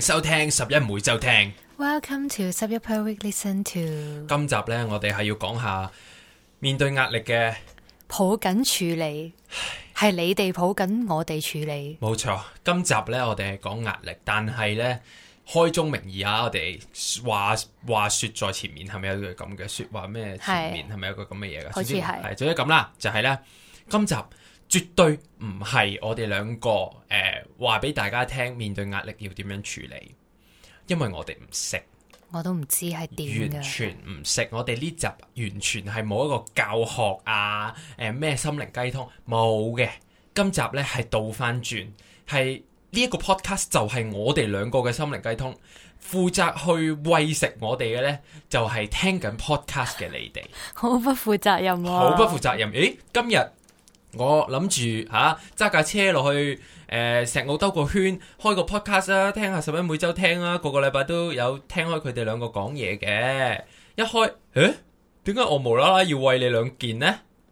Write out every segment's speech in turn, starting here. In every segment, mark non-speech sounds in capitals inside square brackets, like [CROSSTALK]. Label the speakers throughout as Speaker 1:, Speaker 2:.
Speaker 1: 收聽十一每周聽
Speaker 2: ，Welcome to 十一 per week listen to。
Speaker 1: 今集呢，我哋係要講下面對壓力嘅抱
Speaker 2: 緊處理，係你哋抱緊，我哋處理。
Speaker 1: 冇錯，今集呢，我哋係講壓力，但係呢，開宗明義啊，我哋話話說在前面，係咪有句個咁嘅說話咩？前面係咪的有句個咁嘅嘢噶？好似係，係總之咁啦，就係呢。今集。絕對唔係我哋兩個誒話俾大家聽面對壓力要點樣處理，因為我哋唔識，我都唔知係點噶完全唔識。我哋呢集完全係冇一個教學啊，誒、呃、咩心靈雞湯冇嘅。今集呢係倒翻轉，係呢一個 podcast 就係我哋兩個嘅心靈雞湯，負責去餵食我哋嘅呢，就係、是、聽緊 podcast 嘅你哋，
Speaker 2: [LAUGHS] 好不負責、啊、責任，好不負
Speaker 1: 責任。誒，今日。我諗住吓揸架車落去誒、呃、石澳兜個圈，開個 podcast 啦、啊，聽下十一、啊，每周聽啦，個個禮拜都有聽開佢哋兩個講嘢嘅。一開，誒，點解我無啦啦要喂你兩件呢？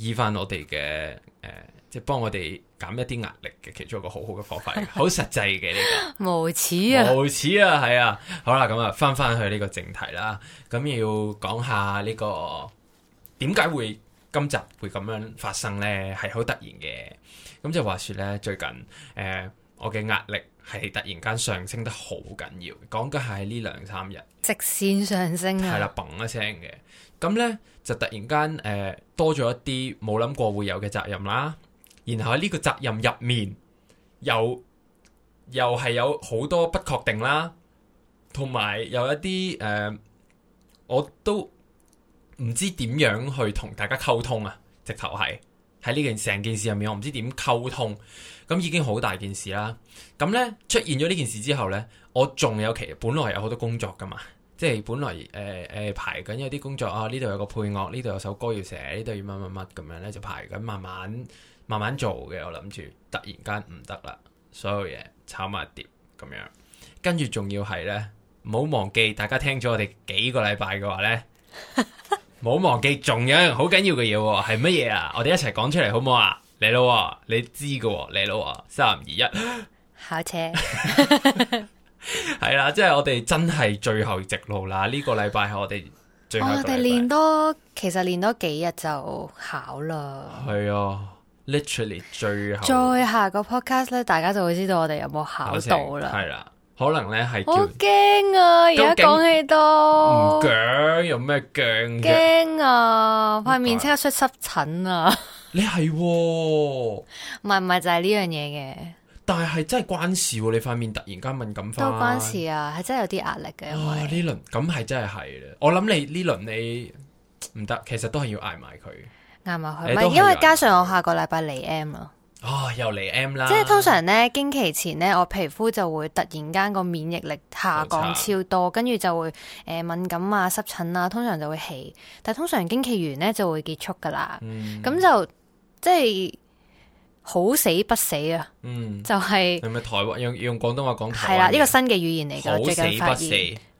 Speaker 1: 醫翻我哋嘅誒，即係幫我哋減一啲壓力嘅其中一個好好嘅方法，好 [LAUGHS] 實際嘅。呢個 [LAUGHS] 無恥啊！無恥啊！係啊！好啦，咁啊，翻翻去呢個正題啦。咁要講下呢、呢個點解會今集會咁樣發生咧？係好突然嘅。咁就話説咧，最近誒、呃、我嘅壓力。係突然間上升得好緊要，講緊係呢兩三日
Speaker 2: 直線上升係啦，
Speaker 1: 嘣一聲嘅，咁呢，就突然間誒、呃、多咗一啲冇諗過會有嘅責任啦，然後喺呢個責任入面又又係有好多不確定啦，同埋有，有一啲誒、呃、我都唔知點樣去同大家溝通啊，直頭係喺呢件成件事入面，我唔知點溝通，咁已經好大件事啦。咁呢，出現咗呢件事之後呢，我仲有其實本來有好多工作㗎嘛，即係本來誒誒、呃呃、排緊有啲工作啊，呢度有個配樂，呢度有首歌要寫，呢度要乜乜乜咁樣呢，就排緊，慢慢慢慢做嘅。我諗住突然間唔得啦，所有嘢炒埋碟咁樣。跟住仲要係呢，唔好忘記大家聽咗我哋幾個禮拜嘅話呢，唔好 [LAUGHS] 忘記仲有好緊要嘅嘢喎，係乜嘢啊？我哋一齊講出嚟好唔好啊？嚟咯，你知㗎，嚟咯，三二一。
Speaker 2: 考車
Speaker 1: 係啦，即係我哋真係最後直路啦！呢、這個禮拜、哦，我哋最我哋
Speaker 2: 練多，其實練多幾日就考啦。
Speaker 1: 係 [NOISE] 啊，literally 最後再
Speaker 2: 下個 podcast 咧，大家就會知道我哋有冇考到啦。
Speaker 1: 係啦，可能咧係好
Speaker 2: 驚啊！而家講起都唔
Speaker 1: 驚，有咩驚？驚
Speaker 2: 啊！塊面即刻出濕疹啊！ [LAUGHS] 你係唔係唔係就係呢樣嘢嘅？
Speaker 1: 但係真係關事喎、啊，你塊面突然間敏感翻都關事
Speaker 2: 啊，係真係有啲壓力嘅、啊。哇、
Speaker 1: 啊，呢輪咁係真係係啦，我諗你呢輪你唔得，其實都係要挨埋佢，
Speaker 2: 挨埋去，唔係、欸、因為加上我下個禮拜嚟
Speaker 1: M 啊，哦，又嚟 M 啦。即係通常
Speaker 2: 呢，經期前呢，我皮膚就會突然間個免疫力下降超多，跟住差就會誒、呃、敏感啊、濕疹啊，通常就會起。但係通常經期完呢就會結束噶啦。咁、嗯、就即係。即好死不死啊！
Speaker 1: 嗯，就係係咪台灣用，用廣東話講台灣係啦，呢個新
Speaker 2: 嘅語言嚟噶。好死不死，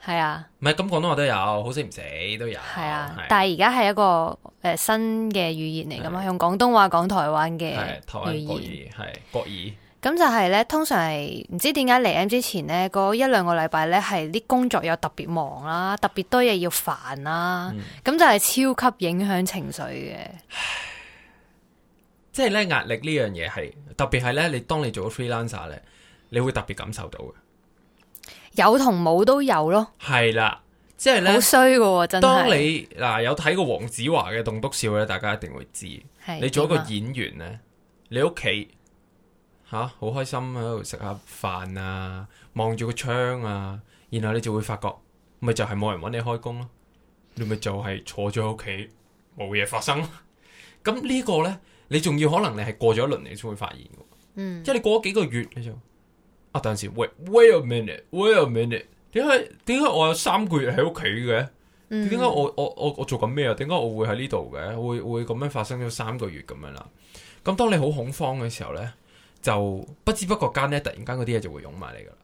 Speaker 2: 係啊。
Speaker 1: 唔係咁廣東話都有，好死唔死都有。
Speaker 2: 係啊，啊但係而家係一個誒、呃、新嘅語言嚟噶嘛？啊、用廣東話講台灣嘅語言係、
Speaker 1: 啊、國語。
Speaker 2: 咁、啊、就係咧，通常係唔知點解嚟 M 之前呢，嗰一兩個禮拜咧係啲工作又特別忙啦、啊，特別多嘢要煩啦、啊、咁、嗯、就係超級影響情緒嘅。
Speaker 1: 即係咧，壓力呢樣嘢係特別係咧，你當你做咗 freelancer 咧，你會特別感受到嘅。
Speaker 2: 有同冇都有咯。
Speaker 1: 係啦，
Speaker 2: 即係咧，好衰嘅。真當你
Speaker 1: 嗱、啊、有睇過黃子華嘅《棟篤笑》咧，大家一定會知。是你做一個演員咧，啊、你屋企吓好開心喺度食下飯啊，望住個窗啊，然後你就會發覺，咪就係、是、冇人搵你開工咯、啊。你咪就係坐咗喺屋企，冇嘢發生、啊。咁呢個咧？你仲要可能你係過咗一輪你先會發現
Speaker 3: 嘅，即
Speaker 1: 係你過咗幾個月你就啊，等陣時。Wait, wait a minute, wait a minute。點解，點解我有三個月喺屋企嘅？點解我我我我做緊咩啊？點解我會喺呢度嘅？會會咁樣發生咗三個月咁樣啦？咁當你好恐慌嘅時候咧，就不知不覺間咧，突然間嗰啲嘢就會湧埋嚟噶啦，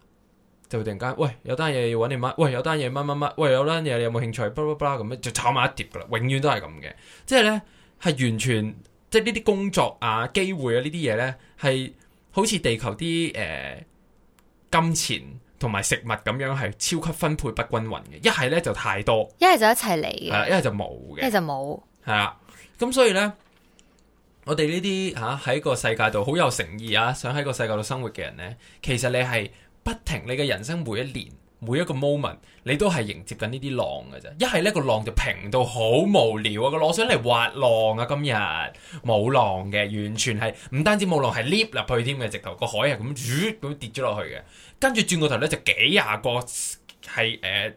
Speaker 1: 就突然間喂，有單嘢要搵你買，喂，有單嘢乜乜乜，喂，有單嘢你有冇興趣？巴拉巴拉咁樣就炒埋一碟噶啦，永遠都係咁嘅，即係咧係完全。即係呢啲工作啊、機會啊呢啲嘢咧，係好似地球啲誒、呃、金錢同埋食物咁樣，係超級分配不均匀嘅。一係咧就太多，
Speaker 2: 一係、啊、就一齊嚟嘅，
Speaker 1: 一係就冇嘅，一係就冇。係啦，咁所以咧，我哋呢啲吓喺個世界度好有誠意啊，想喺個世界度生活嘅人咧，其實你係不停你嘅人生每一年。每一個 moment，你都係迎接緊呢啲浪嘅啫。一係呢個浪就平到好無聊啊！個攞上嚟滑浪啊，今日冇浪嘅，完全係唔單止冇浪，係跌入去添嘅，直頭個海係咁咁跌咗落去嘅。跟住轉個頭咧，就幾廿個係誒、呃，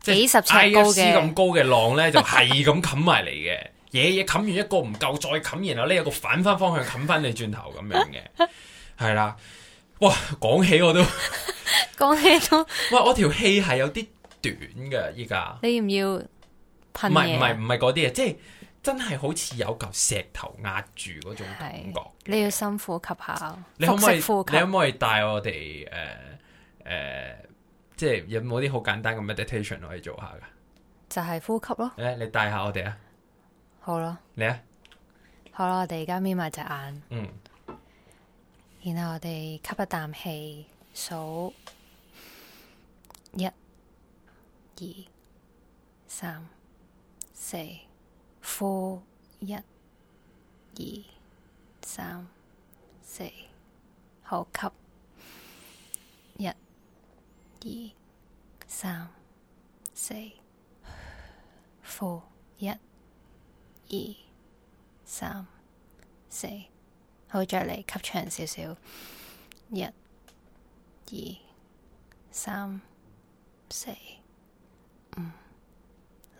Speaker 1: 即係幾十尺高嘅 IFC 咁高嘅浪咧，就係咁冚埋嚟嘅。嘢嘢冚完一個唔夠，再冚，然後咧有個反翻方向冚翻你轉頭咁樣嘅，係啦。 [LAUGHS] 哇，講起我都講 [LAUGHS] 起都哇，我條氣係有啲短噶依家。你
Speaker 2: 要唔要噴嘢？唔係唔係
Speaker 1: 唔係嗰啲啊，即係真係好似有嚿石頭壓住嗰種感覺。
Speaker 2: 你要深呼吸下，你可唔可以複式呼吸。你可唔
Speaker 1: 可以帶我哋誒誒，即係有冇啲好簡單嘅 meditation 可以做下噶？
Speaker 2: 就係呼吸咯。
Speaker 1: 誒，你帶下我哋啊？
Speaker 2: 好咯吧。
Speaker 1: 你啊吧？
Speaker 2: 好啦，我哋而家眯埋隻眼。嗯。然後我哋吸一啖氣，數一、二、三、四，呼一、二、三、四，好，吸一、二、三、四，呼一、二、三、四。再嚟，吸長少少，一、二、三、四、五、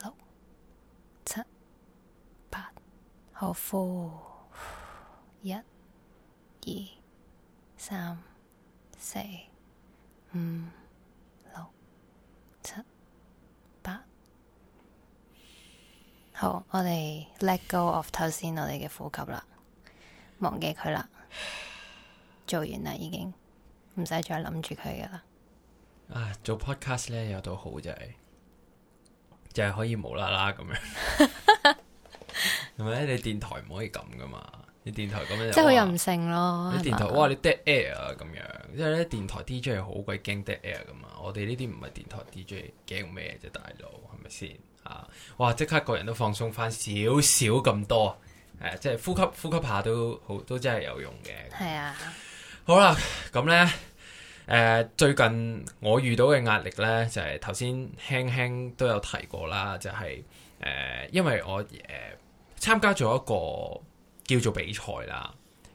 Speaker 2: 六、七、八，好，呼，一、二、三、四、五、六、七、八，好，我哋 let go of 頭先我哋嘅呼吸啦。忘記佢啦，做完啦，已經唔使再諗住佢噶啦。
Speaker 1: 啊，做 podcast 咧有到好就係、是，就係、是、可以無啦啦咁樣，係咪？ [LAUGHS] 你電台唔可以咁噶嘛？你電台咁樣就即係好任性咯。哇你電台吧哇，你 dead air 啊咁樣，因為咧電台 DJ 好鬼驚 dead air 噶嘛？我哋呢啲唔係電台 DJ 驚咩啫，大佬係咪先啊？哇！即刻個人都放鬆翻少少咁多。誒、呃，即係呼吸呼吸下都好，都真係有用嘅。係啊，好啦，咁呢，誒、呃，最近我遇到嘅壓力呢，就係頭先輕輕都有提過啦，就係、是、誒、呃，因為我誒參、呃、加咗一個叫做比賽啦。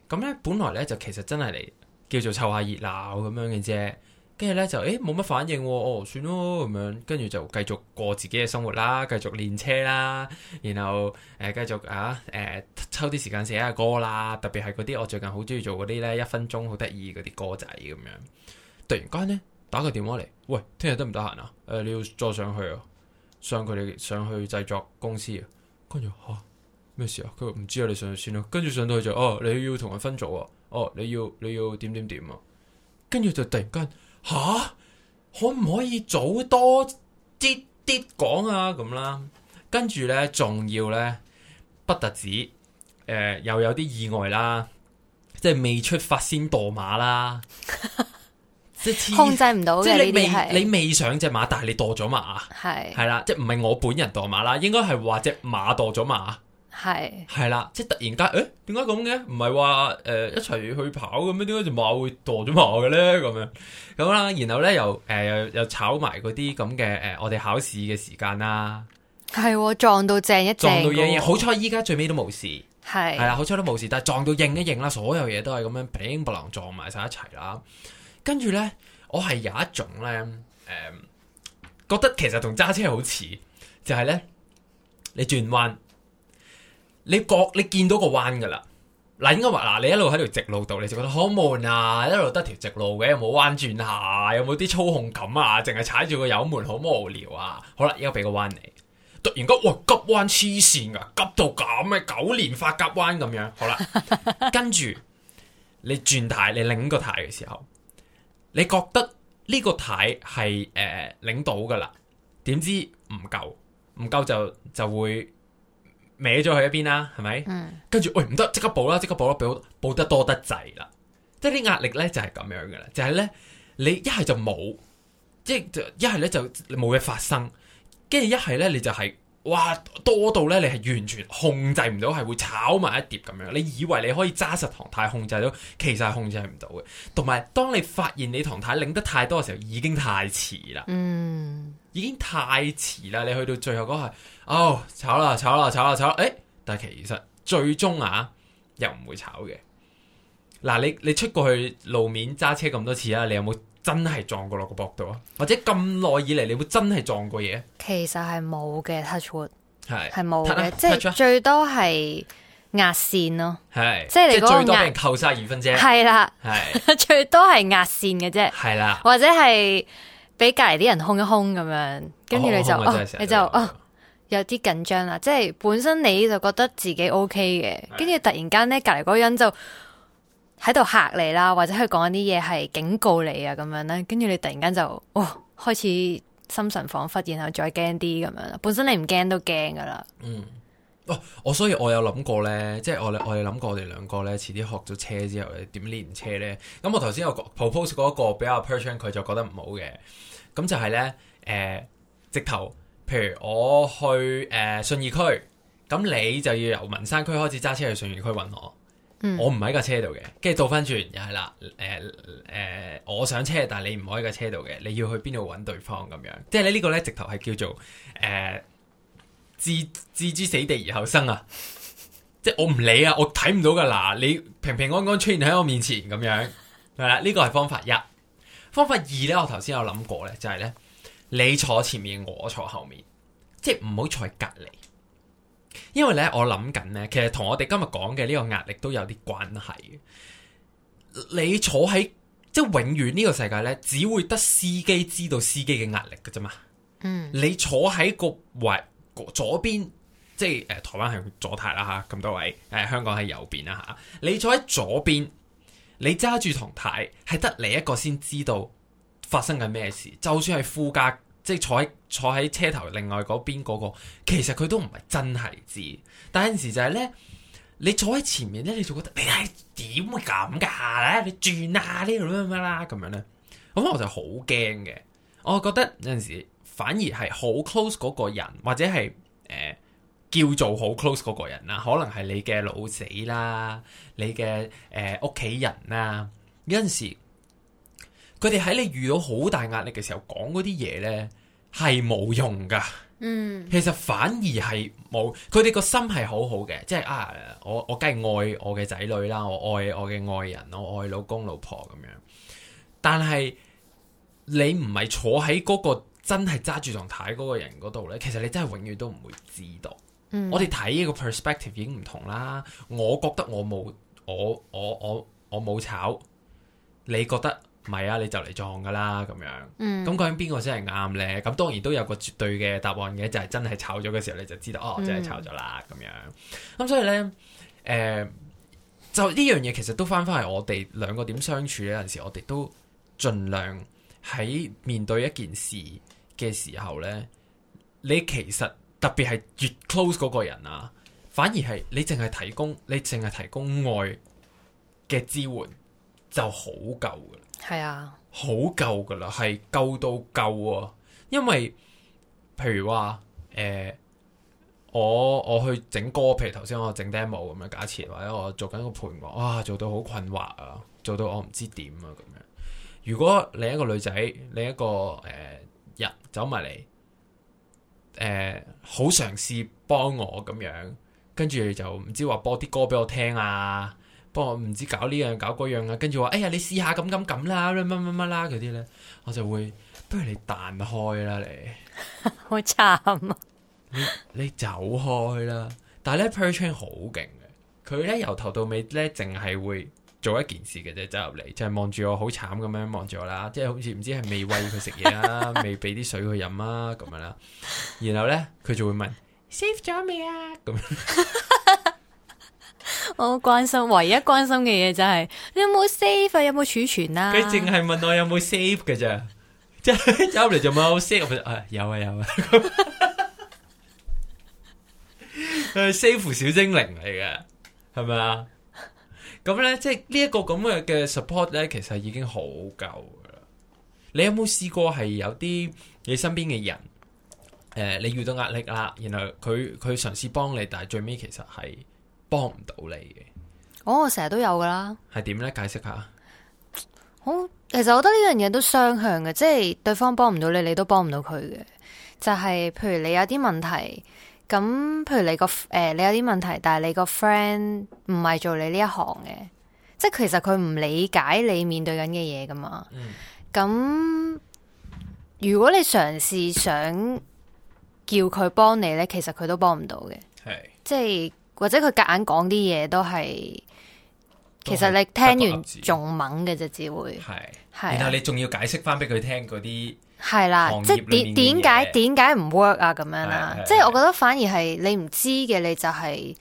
Speaker 1: 咁呢，本來呢，就其實真係嚟叫做湊下熱鬧咁樣嘅啫。跟住咧就，誒冇乜反應喎、哦，哦算咯咁樣，跟住就繼續過自己嘅生活啦，繼續練車啦，然後誒繼、呃、續啊誒、呃、抽啲時間寫下歌啦，特別係嗰啲我最近好中意做嗰啲咧一分鐘好得意嗰啲歌仔咁樣。突然間咧打個電話嚟，喂，聽日得唔得閒啊？誒、呃、你要再上去啊，上佢哋上去製作公司啊。跟住吓，咩事啊？佢話唔知啊，你上去先啦。跟住上到去就，哦你要同佢分組啊，哦、啊、你要你要點點點啊。跟住就突然間。吓，可唔可以早多啲啲講啊咁啦？跟住咧，仲要咧，不特止，誒、呃，又有啲意外啦，即係未出發先墮馬啦，
Speaker 2: [LAUGHS] 即是控制唔到即呢係。你未的你
Speaker 1: 未上隻馬，但係你墮咗馬？係係啦，即係唔係我本人墮馬啦，應該係話隻馬墮咗嘛。係係啦，即係突然間誒，點解咁嘅？唔係話誒一齊去跑咁樣？點解就馬會墮咗馬嘅咧？咁樣咁啦，然後咧、呃、又誒又、呃、又炒埋嗰啲咁嘅誒，我哋考試嘅時間啦，
Speaker 2: 係撞到正一正的，撞到應應，好彩
Speaker 1: 依家最尾都冇事，係係啦，好彩都冇事，但係撞到應一應啦，所有嘢都係咁樣乒乒乓撞埋晒一齊啦。跟住咧，我係有一種咧誒、呃，覺得其實同揸車好似，就係、是、咧你轉彎。你覺你見到個彎噶啦，嗱應該話嗱，你一路喺條直路度，你就覺得好悶啊，一路得條直路嘅，有冇彎轉下？有冇啲操控感啊？淨係踩住個油門，好無聊啊！好啦，依家俾個彎你，突然間哇急彎，黐線噶，急到咁嘅九連發急彎咁樣。好啦， [LAUGHS] 跟住你轉軚，你擰個軚嘅時候，你覺得呢個軚係誒擰到噶啦？點知唔夠，唔夠就就會。歪咗去一邊啦，係咪？跟住、嗯、喂，唔得，即刻補啦，即刻補啦，補得多得滯啦。即係啲壓力咧就係咁樣噶啦，就係、是、咧、就是、你一係就冇，即係就一係咧就冇嘢發生，跟住一係咧你就係、是、哇多到咧你係完全控制唔到，係會炒埋一碟咁樣。你以為你可以揸實唐太控制到，其實係控制唔到嘅。同埋當你發現你唐太領得太多嘅時候，已經太遲啦。嗯。已經太遲啦！你去到最後嗰下，哦，炒啦，炒啦，炒啦，炒啦！誒，但係其實最終啊，又唔會炒嘅。嗱，你你出過去路面揸車咁多次啊，你有冇真係撞過落個博度啊？或者咁耐以嚟，你會真係撞過嘢？
Speaker 2: 其實係冇嘅，touch wood，係係冇嘅，即係嘗最多係壓線咯，
Speaker 1: 係是即係最多俾人扣晒二分啫，係啦 [LAUGHS] 的，係
Speaker 2: [LAUGHS] 最多係壓線嘅啫，係啦的，或者係。 [LAUGHS] 的 [LAUGHS] 俾隔籬啲人空一空咁樣，跟住你就你就哦，oh, 有啲緊張啦。即係本身你就覺得自己 OK 嘅，跟住的突然間咧，隔籬嗰人就喺度嚇你啦，或者佢講啲嘢係警告你啊咁樣咧。跟住你突然間就哦，oh, 開始心神恍惚，然後再驚啲咁樣。本身你唔驚都驚噶啦。嗯，
Speaker 1: 哦，我所以我有諗過咧，即係我我哋諗過我哋兩個咧，遲啲學咗車之後咧，點練車咧？咁我頭先我 propose 嗰個比較 personal，佢就覺得唔好嘅。咁就係、是、咧，誒、呃，直頭，譬如，我去誒信、呃、義區，咁你就要由文山區開始揸車去信義區揾我，嗯、我唔喺架車度嘅，跟住倒翻轉又係啦，誒、呃、誒、呃呃，我上車，但係你唔可以喺架車度嘅，你要去邊度揾對方咁樣，即係咧呢個咧直頭係叫做，誒、呃，置置之死地而後生啊，即係我唔理啊，我睇唔到噶，嗱，你平平安安出現喺我面前咁樣，係啦，呢個係方法一。方法二咧，我頭先有諗過咧，就係咧，你坐前面，我坐後面，即係唔好坐隔離。因為咧，我諗緊咧，其實同我哋今日講嘅呢個壓力都有啲關係。你坐喺，即係永遠呢個世界咧，只會得司機知道司機嘅壓力㗎啫嘛。嗯。你坐喺、個位左邊，即係誒台灣係左太啦嚇，咁多位誒香港係右邊啦嚇，你坐喺左邊。你揸住唐太，係得你一個先知道發生緊咩事。就算係副駕，即係坐喺坐喺車頭另外嗰邊嗰個，其實佢都唔係真係知。但係有陣時就係咧，你坐喺前面咧，你就覺得你係點會咁㗎？你轉啊呢咩咩啦咁樣咧，咁我就好驚嘅。我覺得有陣時反而係好 close 嗰個人，或者係誒。呃叫做好 close 嗰個人啦，可能係你嘅老死啦，你嘅誒屋企人啦。有陣時佢哋喺你遇到好大壓力嘅時候講嗰啲嘢呢，係冇用噶。嗯，其實反而係冇佢哋個心係好好嘅，即係啊，我我梗係愛我嘅仔女啦，我愛我嘅愛人，我愛老公老婆咁樣。但係你唔係坐喺嗰個真係揸住狀態嗰個人嗰度呢，其實你真係永遠都唔會知道。嗯、我哋睇呢個 perspective 已經唔同啦。我覺得我冇我我我我冇炒，你覺得咪啊？你就嚟撞噶啦咁樣。咁究竟邊個先係啱咧？咁當然都有個絕對嘅答案嘅，就係、是、真係炒咗嘅時候你就知道、嗯、哦，我真係炒咗啦咁樣。咁、嗯、所以咧，誒、呃，就呢樣嘢其實都翻翻去我哋兩個點相處。有陣時我哋都盡量喺面對一件事嘅時候咧，你其實。特別係越 close 嗰個人啊，反而係你淨係提供，你淨係提供愛嘅支援就好夠噶啦。係啊，好夠噶啦，係夠到夠啊！因為譬如話誒、呃，我我去整歌譬如頭先我整 demo 咁樣假設，或者我做緊個盤我，啊，做到好困惑啊，做到我唔知點啊咁樣。如果你一個女仔，你一個誒、呃、人走埋嚟。誒、呃，好嘗試幫我咁樣，跟住就唔知話播啲歌俾我聽啊，幫我唔知搞呢樣搞嗰樣啊，跟住話哎呀，你試下咁咁咁啦，乜乜乜乜啦嗰啲咧，我就會不如你彈開啦你，
Speaker 2: [LAUGHS] 好慘啊你！
Speaker 1: 你走開啦！但係咧，Perchan 好勁嘅，佢咧由頭到尾咧淨係會。做一件事嘅啫，走入嚟就係望住我好慘咁樣望住我啦，即係好似唔知係未餵佢食嘢啊， [LAUGHS] 未俾啲水佢飲啊咁樣啦。然後咧佢就會問：save 咗未啊？咁這樣
Speaker 2: [LAUGHS] 我好關心唯一關心嘅嘢就係、你、有冇 save，有冇儲、啊、存啊？佢淨係
Speaker 1: 問我有冇 save 嘅啫，即係走入嚟就問我有冇 save。誒、哎，有啊有啊，有啊哈哈，save 小精靈嚟嘅係咪啊？咁咧，即係呢一個咁嘅嘅 support 咧，其實已經好夠噶啦。你有冇試過係有啲你身邊嘅人，誒、呃，你遇到壓力啦，然後佢佢嘗試幫你，但係最尾其實係幫唔到你
Speaker 2: 嘅。哦，我成日都有噶啦。
Speaker 1: 係點咧？解釋下。
Speaker 2: 好，其實我覺得呢樣嘢都雙向嘅，即係對方幫唔到你，你都幫唔到佢嘅。就係、是、譬如你有啲問題。咁，譬如你個誒、呃，你有啲問題，但係你個 friend 唔係做你呢一行嘅，即係其實佢唔理解你面對緊嘅嘢噶嘛。咁、嗯、如果你嘗試想叫佢幫你呢，其實佢都幫唔到嘅。係是，即係或者佢夾硬講啲嘢都係，其實你聽完仲猛嘅啫，只會係，是是然後你
Speaker 1: 仲要解釋翻俾佢聽嗰啲。係啦，即係點點解
Speaker 2: 點解唔 work 啊？咁樣啦、啊，的即係我覺得反而係你唔知嘅，你就係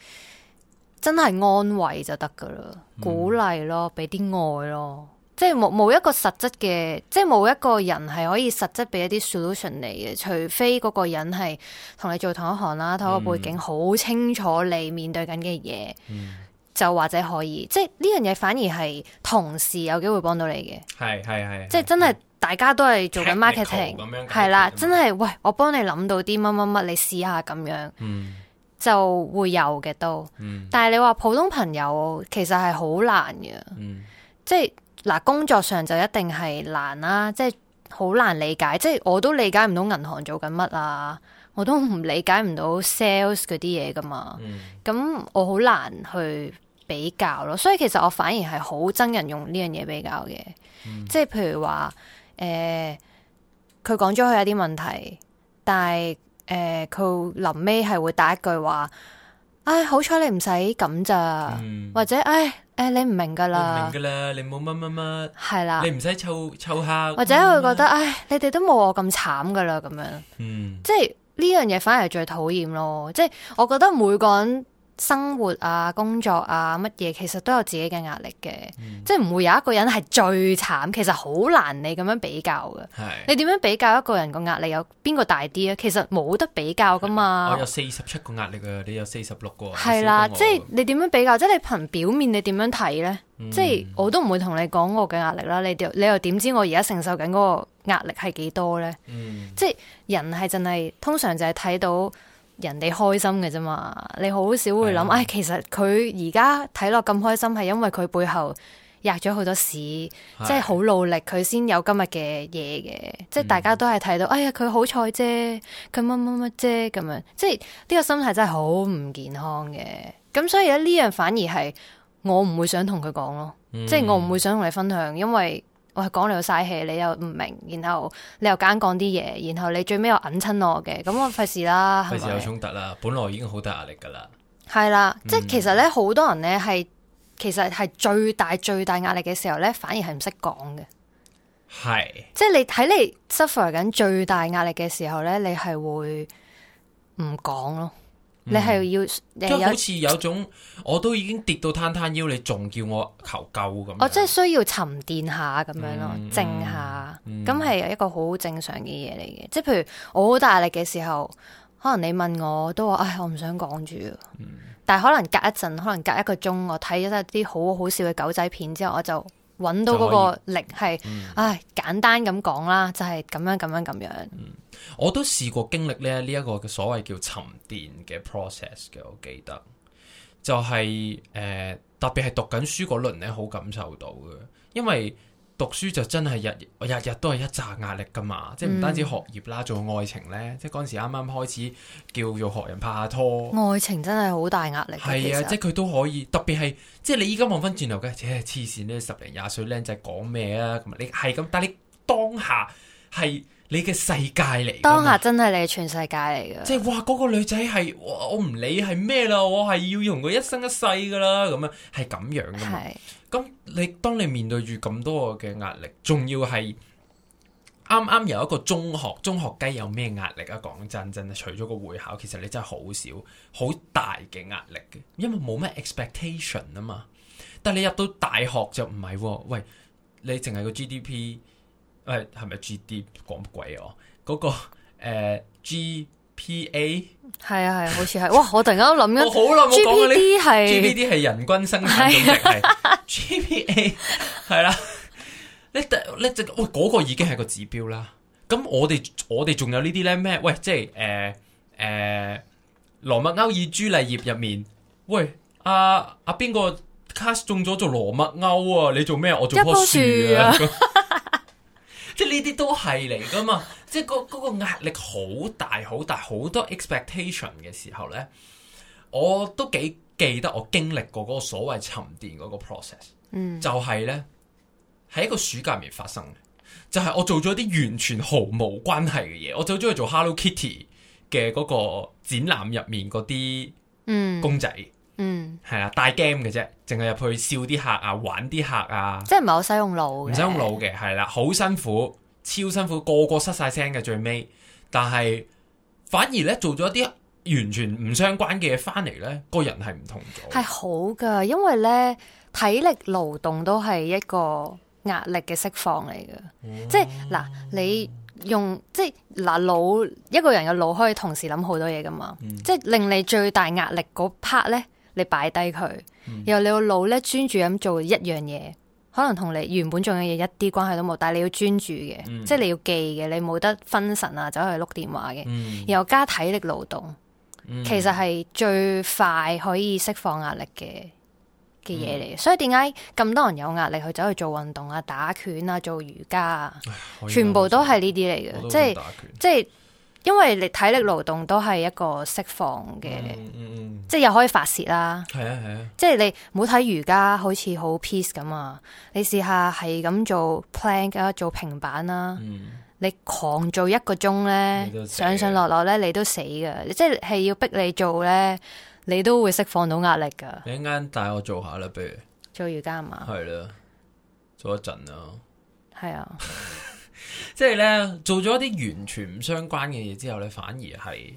Speaker 2: 真係安慰就得噶啦，鼓勵咯，俾啲愛咯，嗯、即係冇冇一個實質嘅，即係冇一個人係可以實質俾一啲 solution 嚟嘅，除非嗰個人係同你做同一行啦，同一個背景，好清楚你面對緊嘅嘢，嗯、就或者可以，即係呢樣嘢反而係同事有機會幫到你嘅。係係係，即係真係。大家都係做緊 marketing，係啦，真係，喂，我幫你諗到啲乜乜乜，你試下咁樣，嗯、就會有嘅都。嗯、但係你話普通朋友其實係好難嘅，嗯、即係嗱，工作上就一定係難啦，即係好難理解，即係我都理解唔到銀行做緊乜啊，我都唔理解唔到 sales 嗰啲嘢噶嘛。咁、嗯、我好難去比較咯，所以其實我反而係好憎人用呢樣嘢比較嘅，嗯、即係譬如話。誒，佢講咗佢有啲問題，但係誒佢臨尾係會打一句話，唉，好彩你唔使咁咋，嗯、或者唉唉你唔明噶啦，明
Speaker 1: 噶啦，你冇乜乜乜係啦，你唔使湊湊客，或者佢會覺得
Speaker 2: 唉，你哋都冇我咁慘噶啦，咁樣，嗯、即係呢樣嘢反而係最討厭咯，即係我覺得每個人。生活啊，工作啊，乜嘢其實都有自己嘅壓力嘅，嗯、即係唔會有一個人係最慘，其實好難你咁樣比較嘅。是你點樣比較一個人個壓力有邊個大啲啊？其實冇得比較噶嘛。我、哦、
Speaker 1: 有四十七個壓力嘅，你有四十六個。係啦、啊，即係
Speaker 2: 你點樣比較？即係你憑表面你點樣睇呢？嗯、即係我都唔會同你講我嘅壓力啦。你你又點知我而家承受緊嗰個壓力係幾多呢？嗯、即係人係淨係通常就係睇到。人哋開心嘅啫嘛，你好少會諗，唉是的、哎，其實佢而家睇落咁開心，係因為佢背後吔咗好多屎是的，即係好努力佢先有今日嘅嘢嘅，即係大家都係睇到，嗯、哎呀，佢好彩啫，佢乜乜乜啫，咁樣，即係呢個心態真係好唔健康嘅。咁所以咧，呢樣反而係我唔、嗯、會想同佢講咯，即係我唔會想同你分享，因為。我係講你又嘥氣，你又唔明，然後你又夾硬講啲嘢，然後你最尾又揞親我嘅，咁我費事啦，係費事有
Speaker 1: 衝突啦， [LAUGHS] 本來已經好大壓力噶啦，
Speaker 2: 係啦、嗯，即係其實咧，好多人咧係，其實係最大最大壓力嘅時候咧，反而係唔識講嘅，
Speaker 1: 係是，
Speaker 2: 即係你喺你 suffer 緊最大壓力嘅時候咧，你係會唔講咯？你係要即係好似有
Speaker 1: 種，我都已經跌到攤攤腰，你仲叫我求救咁？我真
Speaker 2: 係需要沉澱下咁樣咯，靜下，咁係一個好正常嘅嘢嚟嘅。即係譬如我好大壓力嘅時候，可能你問我都話，唉，我唔想講住。但係可能隔一陣，可能隔一個鐘，我睇咗一啲好好笑嘅狗仔片之後，我就搵到嗰個力係，唉，簡單咁講啦，就係咁樣咁樣咁樣。
Speaker 1: 我都試過經歷咧呢一，這個嘅所謂叫沉澱嘅 process 嘅，我記得就係、是、誒、呃，特別係讀緊書嗰輪咧，好感受到嘅，因為讀書就真係日日日都係一紮壓力噶嘛，即係唔單止學業啦，仲有愛情咧，即係嗰陣時啱啱開始叫做學人拍下拖，愛
Speaker 2: 情真係好大壓力。係啊，即係
Speaker 1: 佢都可以，特別係即係你依家望翻轉頭嘅，即係黐線，呢十零廿歲僆仔講咩啊？咁啊，你係咁，但係你當下係。你嘅世界嚟，
Speaker 2: 當下真係你嘅全世界嚟嘅。即係、就是、哇，嗰、那個女仔係我
Speaker 1: 唔理係咩啦，我係要用佢一生一世噶啦，咁樣係咁樣噶嘛。咁係你當你面對住咁多個嘅壓力，仲要係啱啱由一個中學中學雞有咩壓力啊？講真真係，除咗個會考，其實你真係好少好大嘅壓力嘅，因為冇咩 expectation 啊嘛。但係你入到大學就唔係、啊，喂，你淨係個 GDP。喂，係咪 G D 講乜鬼哦？嗰個誒 G P A 係啊係啊，那個呃、好
Speaker 2: 似係。哇！我突然間諗緊，我好耐冇講呢。G P D 係 G P D 係
Speaker 1: 人均生產總值係 G P A 係啦。你第你即係嗰個已經係個指標啦。咁我哋我哋仲有呢啲咧咩？喂，即係誒誒羅密歐與朱麗葉入面，喂阿阿邊個 cast 中咗做羅密歐啊？你做咩？我做棵樹啊！ [LAUGHS] 即呢啲都係嚟噶嘛，即係嗰嗰個壓力好大好大，好多 expectation 嘅時候呢，我都幾記得我經歷過嗰個所謂沉澱嗰個 process，嗯，就係呢，喺一個暑假入面發生嘅，就係，是，我做咗啲完全毫無關係嘅嘢，我走咗去做 Hello Kitty 嘅嗰個展覽入面嗰啲，
Speaker 2: 嗯，公
Speaker 1: 仔。嗯嗯，係啦，帶 game 嘅啫，淨係入去笑啲客啊，玩啲客啊，即係唔
Speaker 2: 係好使用腦嘅，唔使用
Speaker 1: 腦嘅係啦，好、嗯、辛苦，超辛苦，個個失晒聲嘅最尾，但係反而咧做咗一啲完全唔相關嘅嘢，翻嚟咧個人係唔同嘅，係
Speaker 2: 好噶，因為咧體力勞動都係一個壓力嘅釋放嚟嘅、哦，
Speaker 3: 即係
Speaker 2: 嗱你用即係嗱腦，一個人嘅腦可以同時諗好多嘢噶嘛，嗯、即係令你最大壓力嗰 part 咧。你擺低佢，然後你個腦咧專注咁做一樣嘢，可能同你原本做嘅嘢一啲關係都冇，但係你要專注嘅，嗯、即係你要記嘅，你冇得分神啊，走去碌電話嘅，嗯、然後加體力勞動，嗯、
Speaker 3: 其實係
Speaker 2: 最快可以釋放壓力嘅嘅嘢嚟，嗯、所以點解咁多人有壓力去走去做運動啊、打拳啊、做瑜伽啊，呦全部都係呢啲嚟嘅，即係即係。因為你體力勞動都係一個釋放嘅，嗯嗯、即係又可以發泄啦。係啊係啊，啊即係你唔好睇瑜伽好似好 peace 咁啊！你試下係咁做 plank 啊，做平板啦，嗯、你狂做一個鐘呢，上上落落呢，你都死噶！即係係要逼你做呢，你都會釋放到壓力噶。
Speaker 1: 你一陣帶我做下啦，不如
Speaker 2: 做瑜伽嘛？
Speaker 1: 係啦，做一陣啊。
Speaker 2: 係啊。
Speaker 1: 即係咧，做咗一啲完全唔相關嘅嘢之後咧，反而係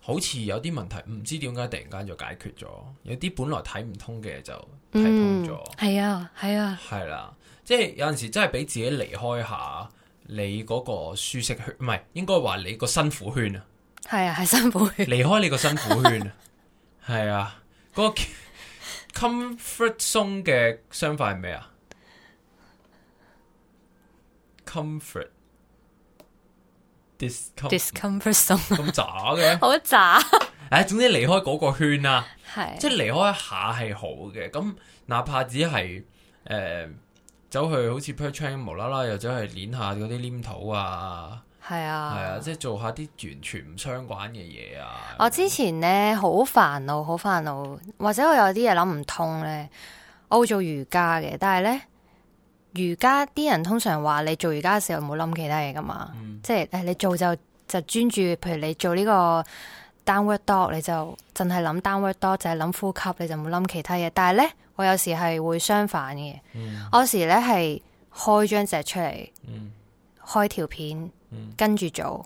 Speaker 1: 好似有啲問題，唔知點解突然間就解決咗，有啲本來睇唔通嘅就
Speaker 2: 睇通咗。係、嗯、啊，係啊，
Speaker 1: 係啦，即係有陣時真係俾自己離開下你嗰個舒適圈，唔係應該話你個辛苦圈
Speaker 2: 啊。係啊，係辛苦
Speaker 1: 圈。離、啊、開你個辛苦圈 [LAUGHS] 啊，係、那、啊、個，個 [LAUGHS] comfort zone 嘅相反係咩啊？comfort discomfort 咁渣嘅，好渣！唉，總之離開嗰個圈啦、
Speaker 2: 啊，即係離
Speaker 1: 開一下係好嘅。咁哪怕只係誒，走、呃、去好似 Perchan 無啦啦又走去捻下嗰啲黏土啊，
Speaker 2: 係是啊，啊，係、就是、啊，
Speaker 1: 即係做下啲完全唔相關嘅嘢啊。
Speaker 2: 我之前咧好煩惱，好煩惱，或者我有啲嘢諗唔通咧，我會做瑜伽嘅，但係咧。瑜伽啲人通常話你做瑜伽嘅時候唔好諗其他嘢噶嘛，嗯、即係誒你做就就專注，譬如你做呢個 downward dog，你就淨係諗 downward dog，淨係諗呼吸，你就唔好諗其他嘢。但係咧，我有時係會相反嘅，我、嗯、有時咧係開張蓆出嚟，嗯、開條片、嗯、跟住做，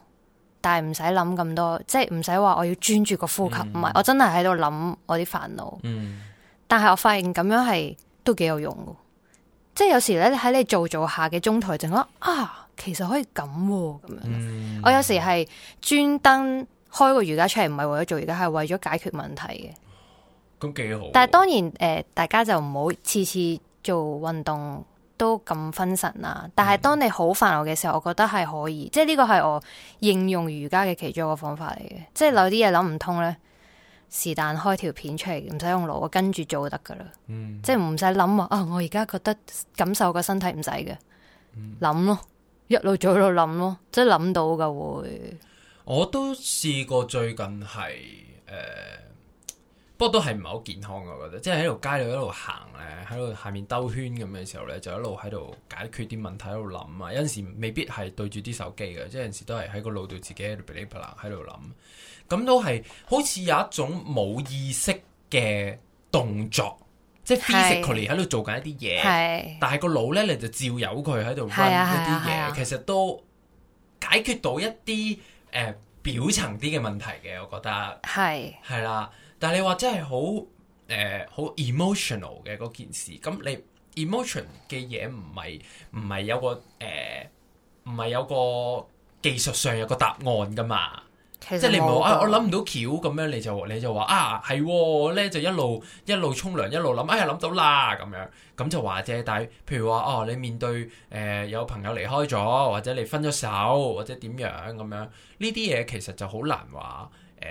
Speaker 2: 但係唔使諗咁多，即係唔使話我要專注個呼吸，唔係、嗯、我真係喺度諗我啲煩惱。嗯、但係我發現咁樣係都幾有用。即係有時咧，喺你做做下嘅中台就覺得，就諗啊，其實可以咁咁樣、啊。
Speaker 3: 樣嗯、
Speaker 2: 我有時係專登開個瑜伽出嚟，唔係為咗做瑜伽，係為咗解決問題嘅。
Speaker 1: 咁幾好。嗯嗯、但係當
Speaker 2: 然誒、呃，大家就唔好次次做運動都咁分神啊。但係當你好煩惱嘅時候，我覺得係可以，即係呢個係我應用瑜伽嘅其中一個方法嚟嘅。即係有啲嘢諗唔通咧。是但開條片出嚟，唔使用腦，跟住做就得噶啦。嗯、即係唔使諗啊！我而家覺得感受個身體唔使嘅
Speaker 1: 諗
Speaker 2: 咯，一路做喺度諗咯，即係諗到噶
Speaker 1: 會。我都試過最近係誒，呃、不過都係唔係好健康。我覺得即係喺條街度一路行咧，喺度下面兜圈咁嘅時候咧，就一路喺度解決啲問題喺度諗啊。有陣時未必係對住啲手機嘅，即係有陣時都係喺個腦度自己噼里啪啦喺度諗。咁都係好似有一種冇意識嘅動作，
Speaker 2: 即係 physically
Speaker 1: 喺度做緊一啲嘢，但係個腦咧你就照有佢喺度 run 一啲嘢，啊啊啊、其實都解決到一啲誒、呃、表層啲嘅問題嘅，我覺得係係是啦。但係你話真係好誒好、呃、emotional 嘅嗰件事，咁你 emotional 嘅嘢唔係唔係有個誒唔係有個技術上有個答案噶嘛？
Speaker 3: 即係你唔好啊！我
Speaker 1: 諗唔到橋咁樣你，你就你就話啊係咧，就一路一路沖涼，一路諗哎呀諗到啦咁樣，咁就話啫。但係譬如話哦，你面對誒、呃、有朋友離開咗，或者你分咗手，或者點樣咁樣呢啲嘢，其實就好難話誒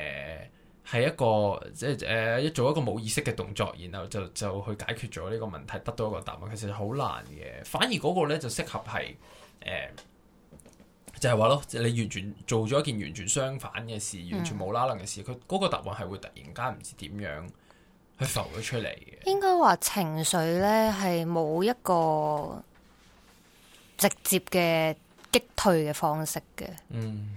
Speaker 1: 係一個即係誒做一個冇意識嘅動作，然後就就去解決咗呢個問題，得到一個答案，其實好難嘅。反而嗰個呢，就適合係誒。呃就係話咯，你完全做咗一件完全相反嘅事，完全冇拉能嘅事。佢嗰、嗯、個答案係會突然間唔知點樣去浮咗出嚟
Speaker 2: 嘅。應該話情緒呢係冇一個直接嘅擊退嘅方式嘅。嗯、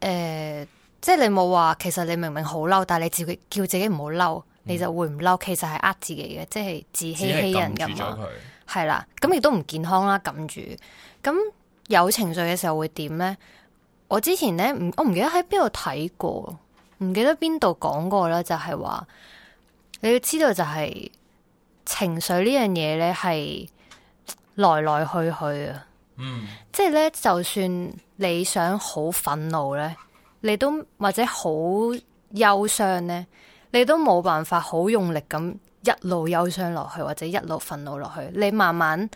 Speaker 2: 誒、呃，即係你冇話，其實你明明好嬲，但係你自己叫自己唔好嬲，嗯、你就會唔嬲。其實係呃自己嘅，即係自欺欺人咁。係啦，咁亦都唔健康啦，撳住咁。有情緒嘅時候會點呢？我之前咧，唔，我唔記得喺邊度睇過，唔記得邊度講過啦。就係、是、話你要知道、就是，就係情緒呢樣嘢咧，係來來去去啊。嗯，即係咧，就算你想好憤怒咧，你都或者好憂傷咧，你都冇辦法好用力咁一路憂傷落去，或者一路憤怒落去。你慢慢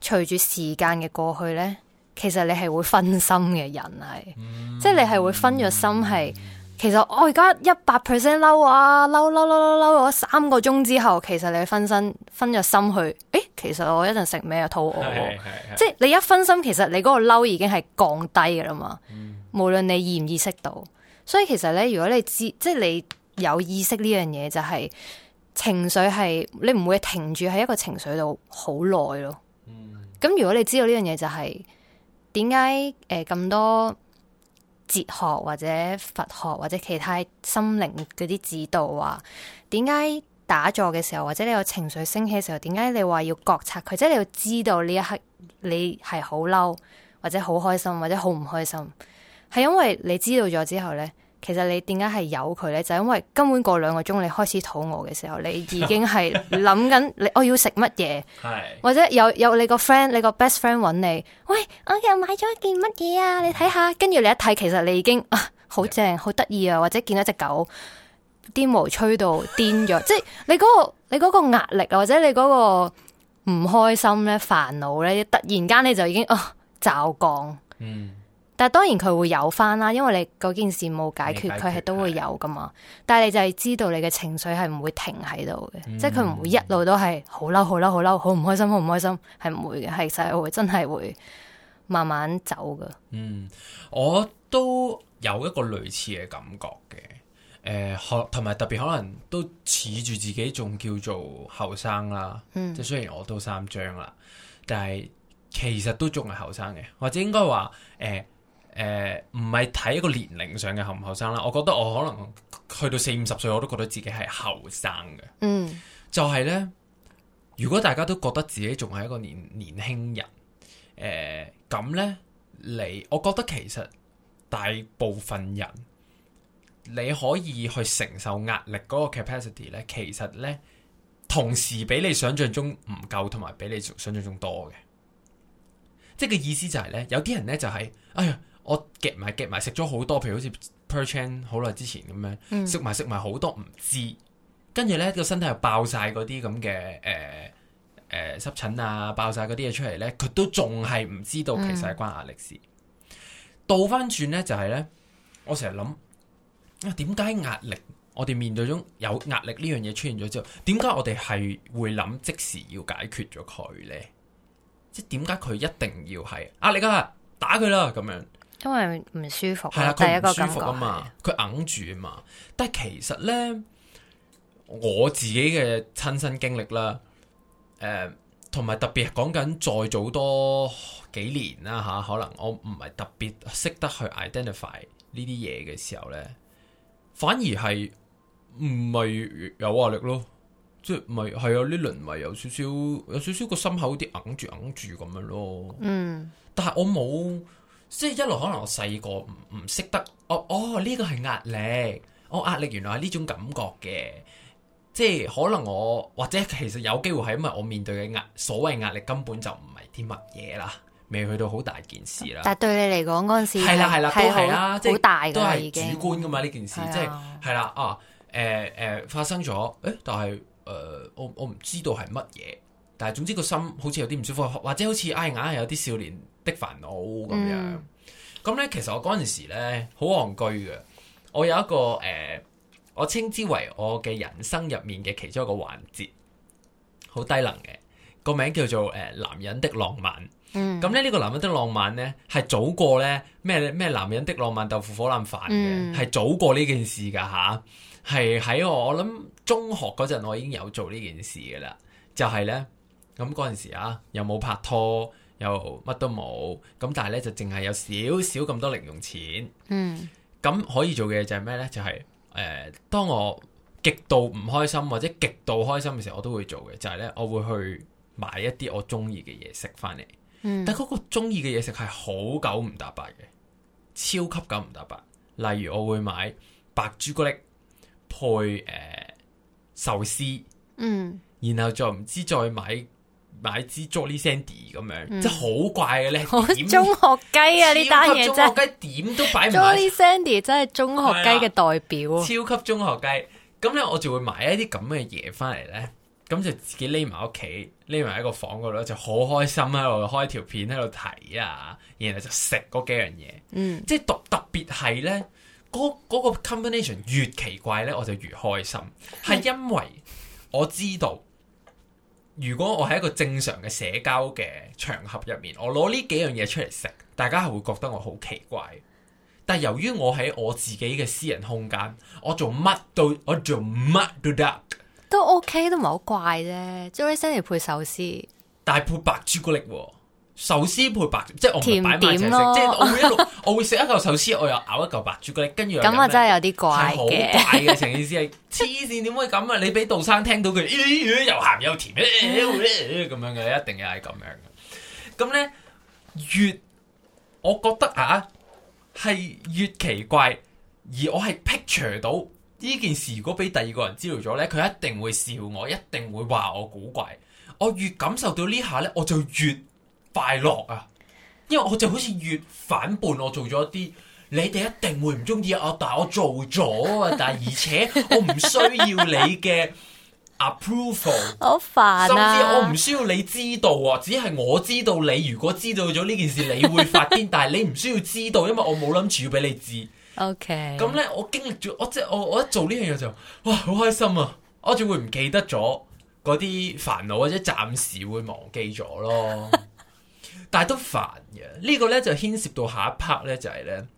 Speaker 2: 隨住時間嘅過去咧。其實你係會分心嘅人係，嗯、即係你係會分咗心係。嗯、其實我而家一百 percent 嬲啊，嬲嬲嬲嬲嬲咗三個鐘之後，其實你分身，分咗心去。誒，其實我一陣食咩啊？肚餓。即係你一分心，其實你嗰個嬲已經係降低噶啦嘛。嗯、無論你意唔意識到，所以其實咧，如果你知，即係你有意識呢樣嘢，就係情緒係你唔會停住喺一個情緒度好耐咯。咁、嗯嗯、如果你知道呢樣嘢，就係。點解誒，咁多哲學或者佛學或者其他心靈嗰啲指導啊？點解打坐嘅時候或者你有情緒升起嘅時候，點解你話要覺察佢？即係你要知道呢一刻你係好嬲或者好開心或者好唔開心，係因為你知道咗之後咧。其實你點解係有佢呢？就係、因為根本過兩個鐘，你開始肚餓嘅時候，你已經係諗緊你我、 [LAUGHS] 哦、要食乜嘢， [LAUGHS] 或者有有你個 friend、你個 best friend 揾你，喂，我又買咗件乜嘢啊？你睇下，跟住你一睇，其實你已經啊好正、好得意啊，或者見到隻狗，啲毛吹到癲咗， [LAUGHS] 即係你嗰、嗰個你個壓力或者你嗰個唔開心呢，煩惱呢，突然間你就已經哦，驟、啊、降。嗯。但係當然佢會有翻啦，因為你嗰件事冇解決，佢係都會有噶嘛。嗯、但係你就係知道你嘅情緒係唔會停喺度嘅，嗯、即係佢唔會一路都係好嬲、好嬲、好嬲、好唔開心、好唔開心，係唔會嘅。係實際會真係會慢慢走噶。嗯，
Speaker 1: 我都有一個類似嘅感覺嘅。誒、呃，同埋特別可能都恃住自己仲叫做後生啦。嗯，即雖然我都三張啦，但係其實都仲係後生嘅，或者應該話誒。呃誒唔係睇一個年齡上嘅後唔後生啦，我覺得我可能去到四五十歲，我都覺得自己係後生嘅。嗯，就係呢，如果大家都覺得自己仲係一個年年輕人，誒咁呢，你我覺得其實大部分人你可以去承受壓力嗰個 capacity 呢，其實呢，同時比你想像中唔夠，同埋比你想像中多嘅。即係個意思就係呢，有啲人呢就係、是，哎呀～我夾埋夾埋食咗好多，譬如好似 Perchan 好耐之前咁樣，食埋食埋好多唔知，跟住呢個身體又爆晒嗰啲咁嘅誒誒濕疹啊，爆晒嗰啲嘢出嚟呢，佢都仲係唔知道其實係關壓力事。嗯、倒翻轉呢，就係、是、呢。我成日諗啊，點解壓力我哋面對中有壓力呢樣嘢出現咗之後，點解我哋係會諗即時要解決咗佢呢？即係點解佢一定要係壓力啦、啊，打佢啦咁樣？
Speaker 2: 因為唔舒服係啊，第一個舒服啊嘛，
Speaker 1: 佢硬住嘛。但係其實咧，我自己嘅親身經歷啦，誒、呃，同埋特別講緊再早多幾年啦、啊、吓，可能我唔係特別識得去 identify 呢啲嘢嘅時候咧，反而係唔係有壓力咯，即係咪係有呢輪咪有少少，有少少個心口啲硬住硬住咁樣咯。嗯，但係我冇。即係一路可能我細個唔唔識得，哦哦呢個係壓力，我、哦、壓力原來係呢種感覺嘅，即係可能我或者其實有機會係因為我面對嘅壓所謂壓力根本就唔係啲乜嘢啦，未去到好大件事啦。但係
Speaker 2: 對你嚟講嗰陣時係啦係啦都係啦，啦好大即係、啊、都係主觀噶嘛呢件事，的即
Speaker 1: 係係啦啊誒誒、呃呃呃、發生咗，誒、欸、但係誒、呃、我我唔知道係乜嘢。但係總之個心好似有啲唔舒服，或者好似挨硬係有啲少年的煩惱咁樣。咁咧、嗯，其實我嗰陣時咧好戇居嘅。我有一個誒、呃，我稱之為我嘅人生入面嘅其中一個環節，好低能嘅，個名叫做誒、呃、男人的浪漫。嗯，咁咧呢、這個男人的浪漫咧係早過咧咩咩男人的浪漫豆腐火腩飯嘅，係、嗯、早過呢件事噶吓，係喺我諗中學嗰陣我已經有做呢件事噶啦，就係、是、咧。咁嗰陣時啊，又冇拍拖，又乜都冇，咁但係咧就淨係有少少咁多零用錢。嗯。咁可以做嘅就係咩咧？就係、是、誒、呃，當我極度唔開心或者極度開心嘅時候，我都會做嘅，就係、是、咧，我會去買一啲我中意嘅嘢食翻嚟。嗯。但嗰個中意嘅嘢食係好久唔搭八嘅，超級久唔搭八。例如我會買白朱古力配誒壽、呃、司。嗯。然後就唔知再買。買支 Jolly Shandy 咁樣，嗯、即係好怪嘅咧。好 [LAUGHS] 中學雞啊，呢單嘢真係，中學雞點 [LAUGHS] 都擺唔。 [LAUGHS] Jolly
Speaker 2: Shandy 真係中學雞嘅代表，啊嗯。超
Speaker 1: 級中學雞咁咧，我就會買一啲咁嘅嘢翻嚟咧，咁就自己匿埋屋企，匿埋喺個房嗰度就好開心，喺度開條片喺度睇啊，然後就食嗰幾樣嘢。嗯，即係讀特別係咧，嗰嗰、嗰個 combination 越奇怪咧，我就越開心，係、嗯、因為我知道。如果我喺一個正常嘅社交嘅場合入面，我攞呢幾樣嘢出嚟食，大家係會覺得我好奇怪。但係由於我喺我自己嘅私人空間，我做乜都，我做乜都得，都 OK，
Speaker 2: 都唔係好怪啫。j 朱利安尼配壽司，
Speaker 1: 但係配白朱古力喎、哦。壽司配白，即係我唔擺埋一齊食。即係我每一路， [LAUGHS] 我會食一嚿壽司，我又咬一嚿白朱古力，跟住咁啊，真係有啲怪，好怪嘅。成 [LAUGHS] 件事係黐線，點可以咁啊？你俾杜生聽到佢、呃呃呃、又鹹又甜咧、啊，咁、呃呃、樣嘅一定又係咁樣嘅。咁咧越，我覺得啊係越奇怪，而我係 picture 到呢件事，如果俾第二個人知道咗咧，佢一定會笑我，一定會話我古怪。我越感受到呢下咧，我就越。快樂啊！因為我就好似越反叛，我做咗啲你哋一定會唔中意啊！但係我做咗啊！但係而且我唔需要你嘅 approval， [LAUGHS] 好煩啊！甚至我唔需要你知道啊，只係我知道你。如果知道咗呢件事，你會發癲。但係你唔需要知道，因為我冇諗住要俾你知。
Speaker 2: OK。咁咧，
Speaker 1: 我經歷咗，我即係我，我一做呢樣嘢就哇好開心啊！我仲會唔記得咗嗰啲煩惱，或者暫時會忘記咗咯。但係都煩嘅，呢個呢，就牽涉到下一 part 咧，就係呢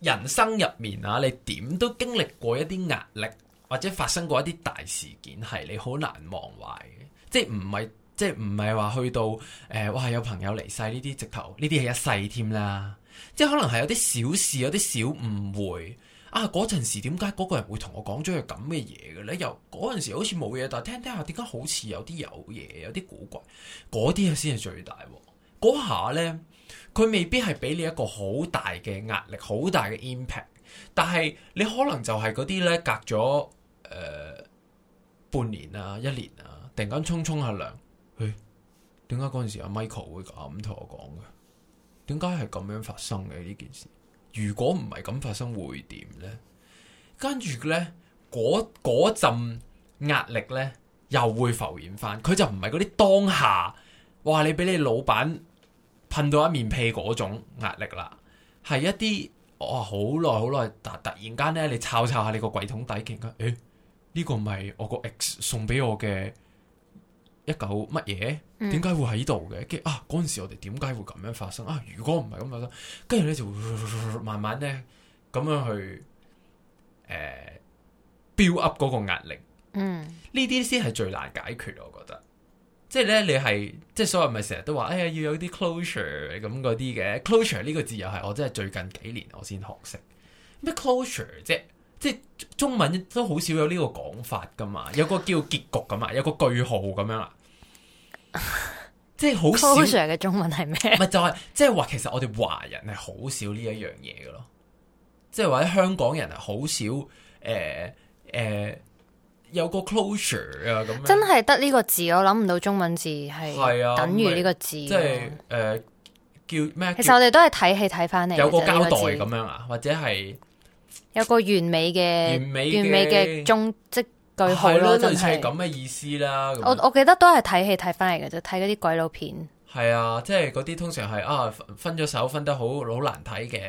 Speaker 1: 人生入面啊，你點都經歷過一啲壓力，或者發生過一啲大事件，係你好難忘懷嘅，即係唔係即係唔係話去到誒，哇有朋友離世呢啲直頭呢啲係一世添啦，即係可能係有啲小事，有啲小誤會。啊！嗰陣時點解嗰個人會同我講咗句咁嘅嘢嘅咧？又嗰陣時好似冇嘢，但係聽聽下點解好似有啲有嘢，有啲古怪。嗰啲先係最大。嗰下咧，佢未必係俾你一個好大嘅壓力，好大嘅 impact。但係你可能就係嗰啲咧，隔咗誒、呃、半年啊、一年啊，突然間沖沖下涼，誒、哎，點解嗰陣時阿 Michael 會咁同我講嘅？點解係咁樣發生嘅呢件事？如果唔係咁發生會點咧？跟住咧，嗰嗰陣壓力咧又會浮現翻。佢就唔係嗰啲當下，哇！你俾你老闆噴到一面屁嗰種壓力啦，係一啲哇好耐好耐突突然間咧，你抄抄下你個櫃桶底，突然間誒呢、呢個唔係我個 X 送俾我嘅。一嚿乜嘢？點解會喺度嘅？跟啊，嗰陣時我哋點解會咁樣發生啊？如果唔係咁發生，跟住咧就會慢慢咧咁樣去誒 build up 嗰個壓力。嗯，呢啲先係最難解決，我覺得。即係咧，你係即係所謂咪成日都話，哎呀要有啲 closure，咁嗰啲嘅 closure 呢個字又係我真係、即係、最近幾年我先學識咩 closure，即係即係中文都好少有呢個講法噶嘛，有個叫結局咁啊，有個句號咁樣啊。即係好少
Speaker 2: 嘅中文係咩？咪
Speaker 1: 就係、是就是，即係話，其實我哋華人係好少呢一樣嘢嘅咯。即係或者香港人係好少誒誒、呃呃，有個 closure 啊咁。真
Speaker 2: 係得呢個字，我諗唔到中文字係係啊等於呢個字。
Speaker 1: 即係誒叫咩？其實我哋都
Speaker 2: 係睇戲睇翻嚟，有個交代
Speaker 1: 咁樣啊，或者係
Speaker 2: 有個完美嘅完美嘅終結。係咯，類似咁
Speaker 1: 嘅意思啦。我我
Speaker 2: 記得都係睇戲睇翻嚟嘅啫，睇嗰啲鬼佬片。
Speaker 1: 係啊，即係嗰啲通常係啊分咗手分得好好難睇嘅，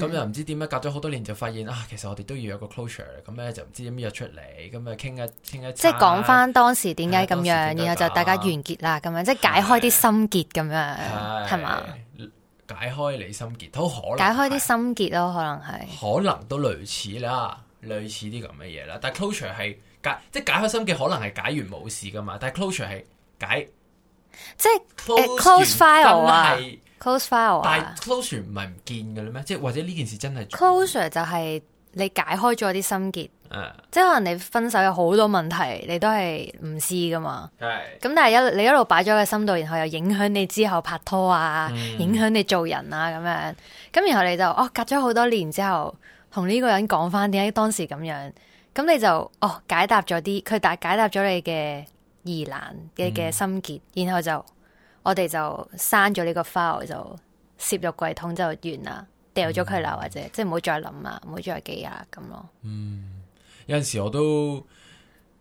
Speaker 1: 咁又唔知點解隔咗好多年就發現啊，其實我哋都要有個 closure，咁咧就唔知點約出嚟，咁啊傾一傾一。即係講翻
Speaker 2: 當時點解咁樣，然後就大家完結啦，咁樣即係解開啲心結咁樣，係嘛？
Speaker 1: 解開你心結，好可能解開
Speaker 2: 啲心結咯，可能係
Speaker 1: 可能都類似啦，類似啲咁嘅嘢啦。但 closure 係。解，即係解開心結，可能係解完冇事噶嘛。但係 closure 係解，即
Speaker 2: 係 close file 啊
Speaker 1: ，close file 啊。但係 closure 唔係唔見噶啦咩？即係或者呢件事真係
Speaker 2: closure 就係你解開咗啲心結，啊、即係可能你分手有好多問題，你都係唔知噶嘛。咁的但係一你一路擺咗個心度，然後又影響你之後拍拖啊，嗯、影響你做人啊咁樣。咁然後你就哦隔咗好多年之後，同呢個人講翻點解當時咁樣。咁你就哦解答咗啲佢答解答咗你嘅疑難嘅嘅心結，嗯、然後就我哋就刪咗呢個 file 就攝入櫃桶就完啦，掉咗佢啦，嗯、或者即係唔好再諗啦，唔好再記啦咁咯。嗯，有
Speaker 1: 陣時我都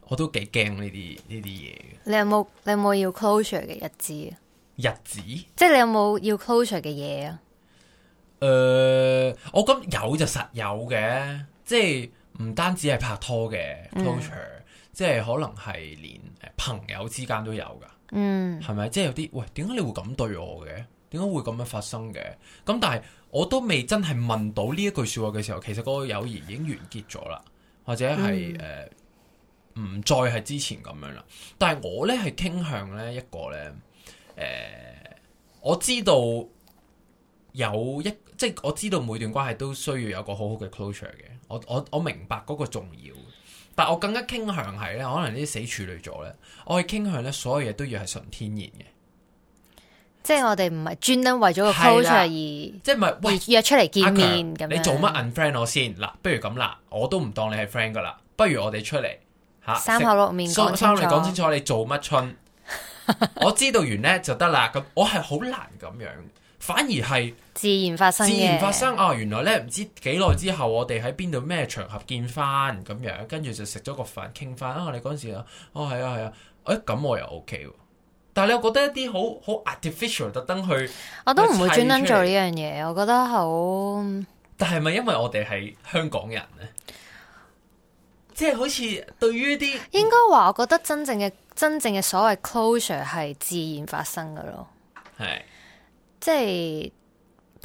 Speaker 1: 我都幾驚呢啲呢啲嘢嘅。
Speaker 2: 你有冇你有冇要 closure 嘅日子？
Speaker 1: 日子，
Speaker 2: 即係你有冇要 closure 嘅嘢
Speaker 1: 啊？誒、呃，我覺得有就實有嘅，即係。唔單止係拍拖嘅 closure，mm. 即係可能係連朋友之間都有㗎，係咪？mm.？即係有啲喂，點解你會咁對我嘅？點解會咁樣發生嘅？咁、嗯、但係我都未真係問到呢一句說話嘅時候，其實個友誼已經完結咗啦，或者係誒唔再係之前咁樣啦。但係我咧係傾向咧一個咧，誒、呃，我知道有一即係我知道每段關係都需要有個好好嘅 closure 嘅。我我我明白嗰個重要，但我更加傾向係咧，可能呢啲死處女座咧，我係傾向咧，所有嘢都要係純天然嘅，
Speaker 2: 即係我哋唔係專登為咗個 pose 的而，即係唔係喂約出嚟見面咁？強樣你做乜
Speaker 1: unfriend 我先？嗱，不如咁啦，我都唔當你係 friend 噶啦，不如我哋出嚟吓、啊、三口六面，三三你講清楚，說你，說清楚你做乜春？ [LAUGHS] 我知道完咧就得啦，咁我係好難咁樣。反而係
Speaker 2: 自，自然發生，自然發生
Speaker 1: 哦。原來咧唔知幾耐之後，我哋喺邊度咩場合見翻咁樣，跟住就食咗個飯，傾翻啊！我哋嗰陣時啊，哦係啊係啊，誒咁，啊啊啊啊、我又 OK，但係你又覺得一啲好好 artificial，特登去，去我都唔會專登做呢
Speaker 2: 樣嘢，我覺得好。
Speaker 1: 但係咪因為我哋係香港人呢？即、
Speaker 2: 就、係、是、好似對於啲，應該話我覺得真正嘅真正嘅所謂 closure 係自然發生噶咯，係。即係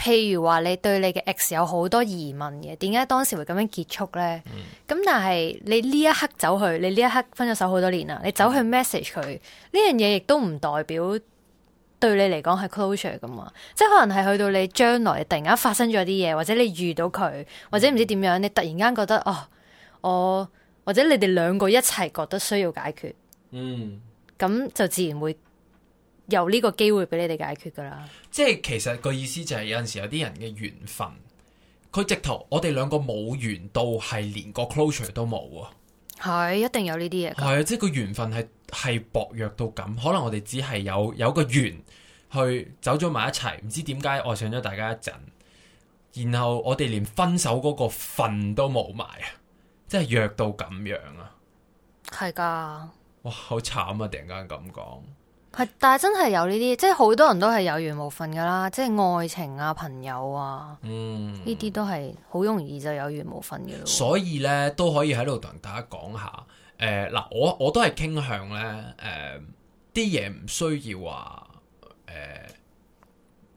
Speaker 2: 譬如話你對你嘅 X 有好多疑問嘅，點解當時會咁樣結束咧？咁、mm. 但係你呢一刻走去，你呢一刻分咗手好多年啦，你走去 message 佢呢樣嘢，mm. 亦都唔代表對你嚟講係 closure 噶嘛？即係可能係去到你將來突然間發生咗啲嘢，或者你遇到佢，或者唔知點樣，你突然間覺得哦，我或者你哋兩個一齊覺得需要解決，
Speaker 1: 嗯，
Speaker 2: 咁就自然會，有呢個機會俾你哋解決㗎啦！即
Speaker 1: 係其實個意思就係、是、有陣時有啲人嘅緣分，佢直頭我哋兩個冇緣到係連個 closure 都冇
Speaker 2: 喎。係一定有呢啲嘢。係啊，
Speaker 1: 即係個緣分係係薄弱到咁，可能我哋只係有有個緣去走咗埋一齊，唔知點解愛上咗大家一陣，然後我哋連分手嗰個份都冇埋啊！即係弱到咁樣啊！
Speaker 2: 係噶的，
Speaker 1: 哇！好慘啊！突然間咁講。
Speaker 2: 係，但係真係有呢啲，即係好多人都係有緣無份噶啦，即係愛情啊、朋友啊，呢啲，嗯、都係好容易就有緣無份嘅咯。
Speaker 1: 所以咧，都可以喺度同大家講下，誒，呃，嗱，我我都係傾向咧，誒，呃，啲嘢唔需要話，誒，呃，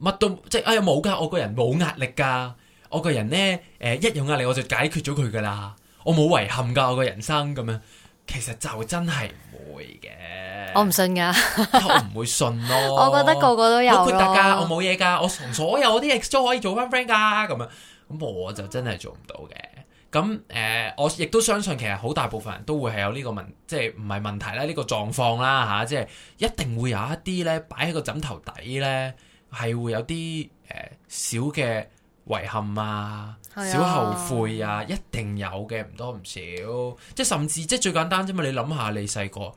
Speaker 1: 乜都即係，哎呀，冇噶，我個人冇壓力噶，我個人咧，誒，呃，一有壓力我就解決咗佢噶啦，我冇遺憾噶，我個人生咁樣。其實就真係唔會嘅，
Speaker 2: 我唔信噶， [LAUGHS]
Speaker 1: 我唔會信咯。 [LAUGHS] 我覺得個個都有咯。好豁達噶，我冇嘢噶，我從所有我啲嘢都可以做翻 friend 噶，咁樣咁我就真係做唔到嘅。咁誒、呃，我亦都相信，其實好大部分人都會係有呢個問，即係唔係問題、這個、啦，呢個狀況啦吓，即係一定會有一啲咧擺喺個枕頭底咧，係會有啲誒、呃、小嘅。遺憾啊，少後悔啊，啊一定有嘅，唔多唔少。即係甚至即係最簡單啫嘛。你諗下，你細個，